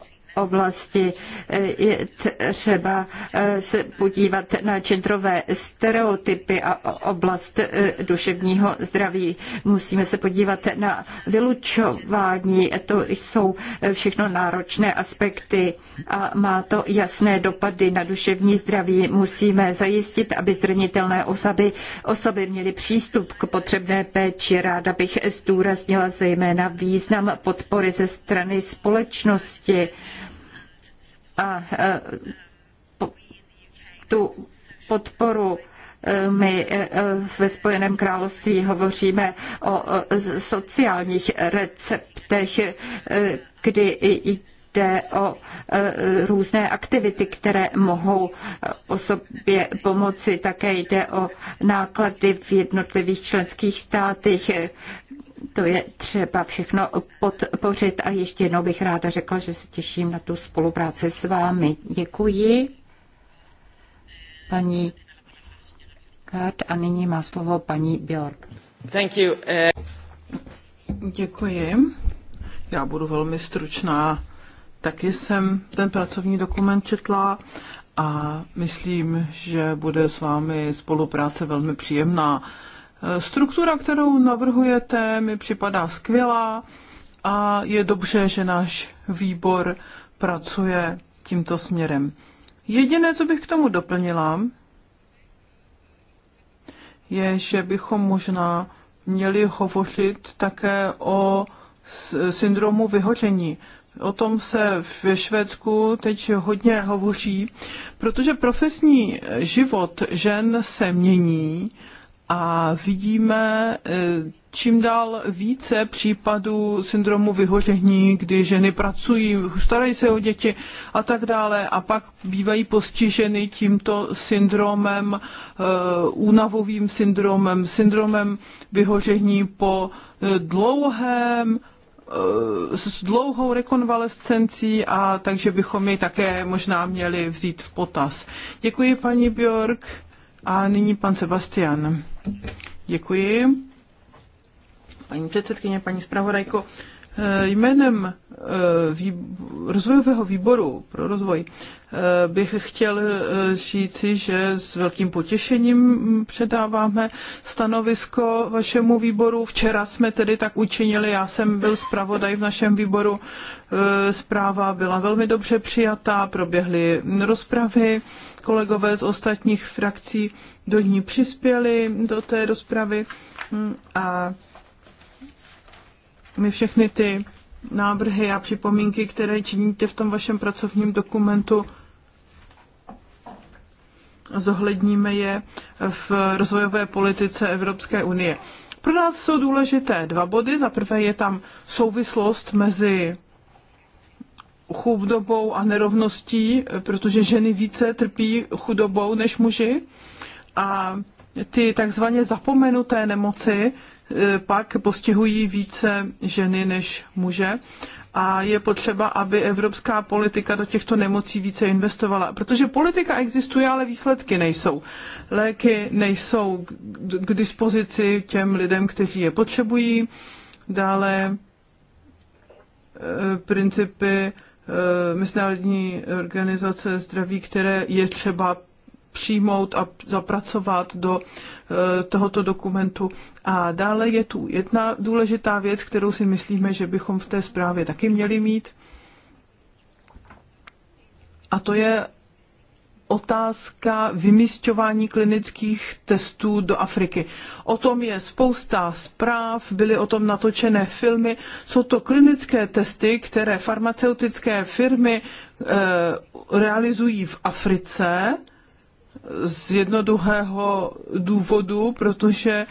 oblasti. Je třeba eh, se podívat na genderové stereotypy a oblast eh, duševního zdraví. Musíme se podívat na vylučování. To jsou eh, všechno náročné aspekty a má to jasné dopady na duševní zdraví. Musíme zajistit, aby zranitelné osoby, osoby měly přístup k potřebné péči. Ráda bych zdůraznila zejména význam podpory ze strany společnosti a e, tu podporu e, my e, ve Spojeném království hovoříme o sociálních receptech, kdy jde o různé aktivity, které mohou osobě pomoci. Také jde o náklady v jednotlivých členských státech to je třeba všechno podpořit a ještě jednou bych ráda řekla, že se těším na tu spolupráci s vámi. Děkuji. Paní Kart a nyní má slovo paní Bjork. Thank you. Uh... Děkuji. Já budu velmi stručná. Taky jsem ten pracovní dokument četla a myslím, že bude s vámi spolupráce velmi příjemná Struktura, kterou navrhujete, mi připadá skvělá a je dobře, že náš výbor pracuje tímto směrem. Jediné, co bych k tomu doplnila, je, že bychom možná měli hovořit také o syndromu vyhoření. O tom se ve Švédsku teď hodně hovoří, protože profesní život žen se mění a vidíme e, čím dál více případů syndromu vyhoření, kdy ženy pracují, starají se o děti a tak dále a pak bývají postiženy tímto syndromem, e, únavovým syndromem, syndromem vyhoření po e, dlouhém s dlouhou rekonvalescencí a takže bychom jej také možná měli vzít v potaz. Děkuji paní Bjork a nyní pan Sebastian. Děkuji paní předsedkyně, paní zpravodajko. Eh, jménem eh, rozvojového výboru pro rozvoj eh, bych chtěl říci, že s velkým potěšením předáváme stanovisko vašemu výboru. Včera jsme tedy tak učinili, já jsem byl zpravodaj v našem výboru. Zpráva byla velmi dobře přijatá, proběhly rozpravy, kolegové z ostatních frakcí do ní přispěli do té rozpravy hmm, a mi všechny ty návrhy a připomínky, které činíte v tom vašem pracovním dokumentu, zohledníme je v rozvojové politice Evropské unie. Pro nás jsou důležité dva body. Za prvé je tam souvislost mezi chudobou a nerovností, protože ženy více trpí chudobou než muži. A ty takzvaně zapomenuté nemoci, pak postihují více ženy než muže a je potřeba, aby evropská politika do těchto nemocí více investovala. Protože politika existuje, ale výsledky nejsou. Léky nejsou k dispozici těm lidem, kteří je potřebují. Dále e, principy e, Mezinárodní organizace zdraví, které je třeba přijmout a zapracovat do eh, tohoto dokumentu. A dále je tu jedna důležitá věc, kterou si myslíme, že bychom v té zprávě taky měli mít. A to je otázka vymysťování klinických testů do Afriky. O tom je spousta zpráv, byly o tom natočené filmy. Jsou to klinické testy, které farmaceutické firmy e, realizují v Africe z jednoduchého důvodu, protože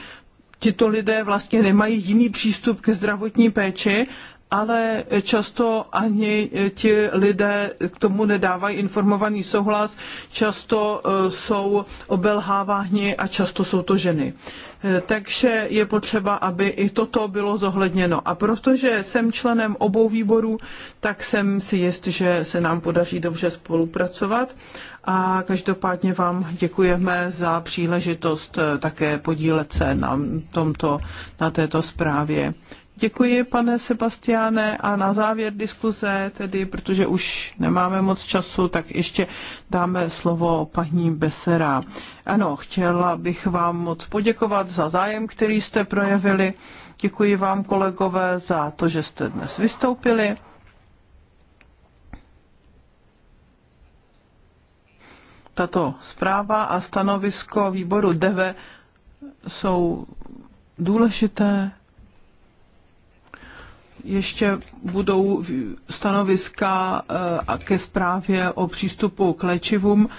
tito lidé vlastně nemají jiný přístup ke zdravotní péči ale často ani eh, ti lidé k tomu nedávají informovaný souhlas, často eh, jsou obelháváni a často jsou to ženy. Eh, takže je potřeba, aby i toto bylo zohledněno. A protože jsem členem obou výborů, tak jsem si jist, že se nám podaří dobře spolupracovat. A každopádně vám děkujeme za příležitost také podílet se na, tomto, na této zprávě. Děkuji, pane Sebastiáne. A na závěr diskuze, tedy protože už nemáme moc času, tak ještě dáme slovo paní Besera. Ano, chtěla bych vám moc poděkovat za zájem, který jste projevili. Děkuji vám, kolegové, za to, že jste dnes vystoupili. Tato zpráva a stanovisko výboru DEVE jsou důležité ještě budou stanoviska eh, ke zprávě o přístupu k léčivům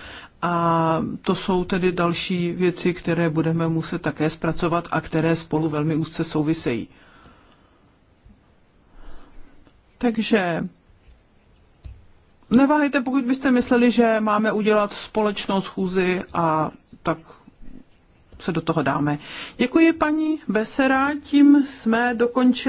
a to jsou tedy další věci, které budeme muset také zpracovat a které spolu velmi úzce souvisejí. Takže neváhejte, pokud byste mysleli, že máme udělat společnou schůzi a tak se do toho dáme. Děkuji paní Besera, tím jsme dokončili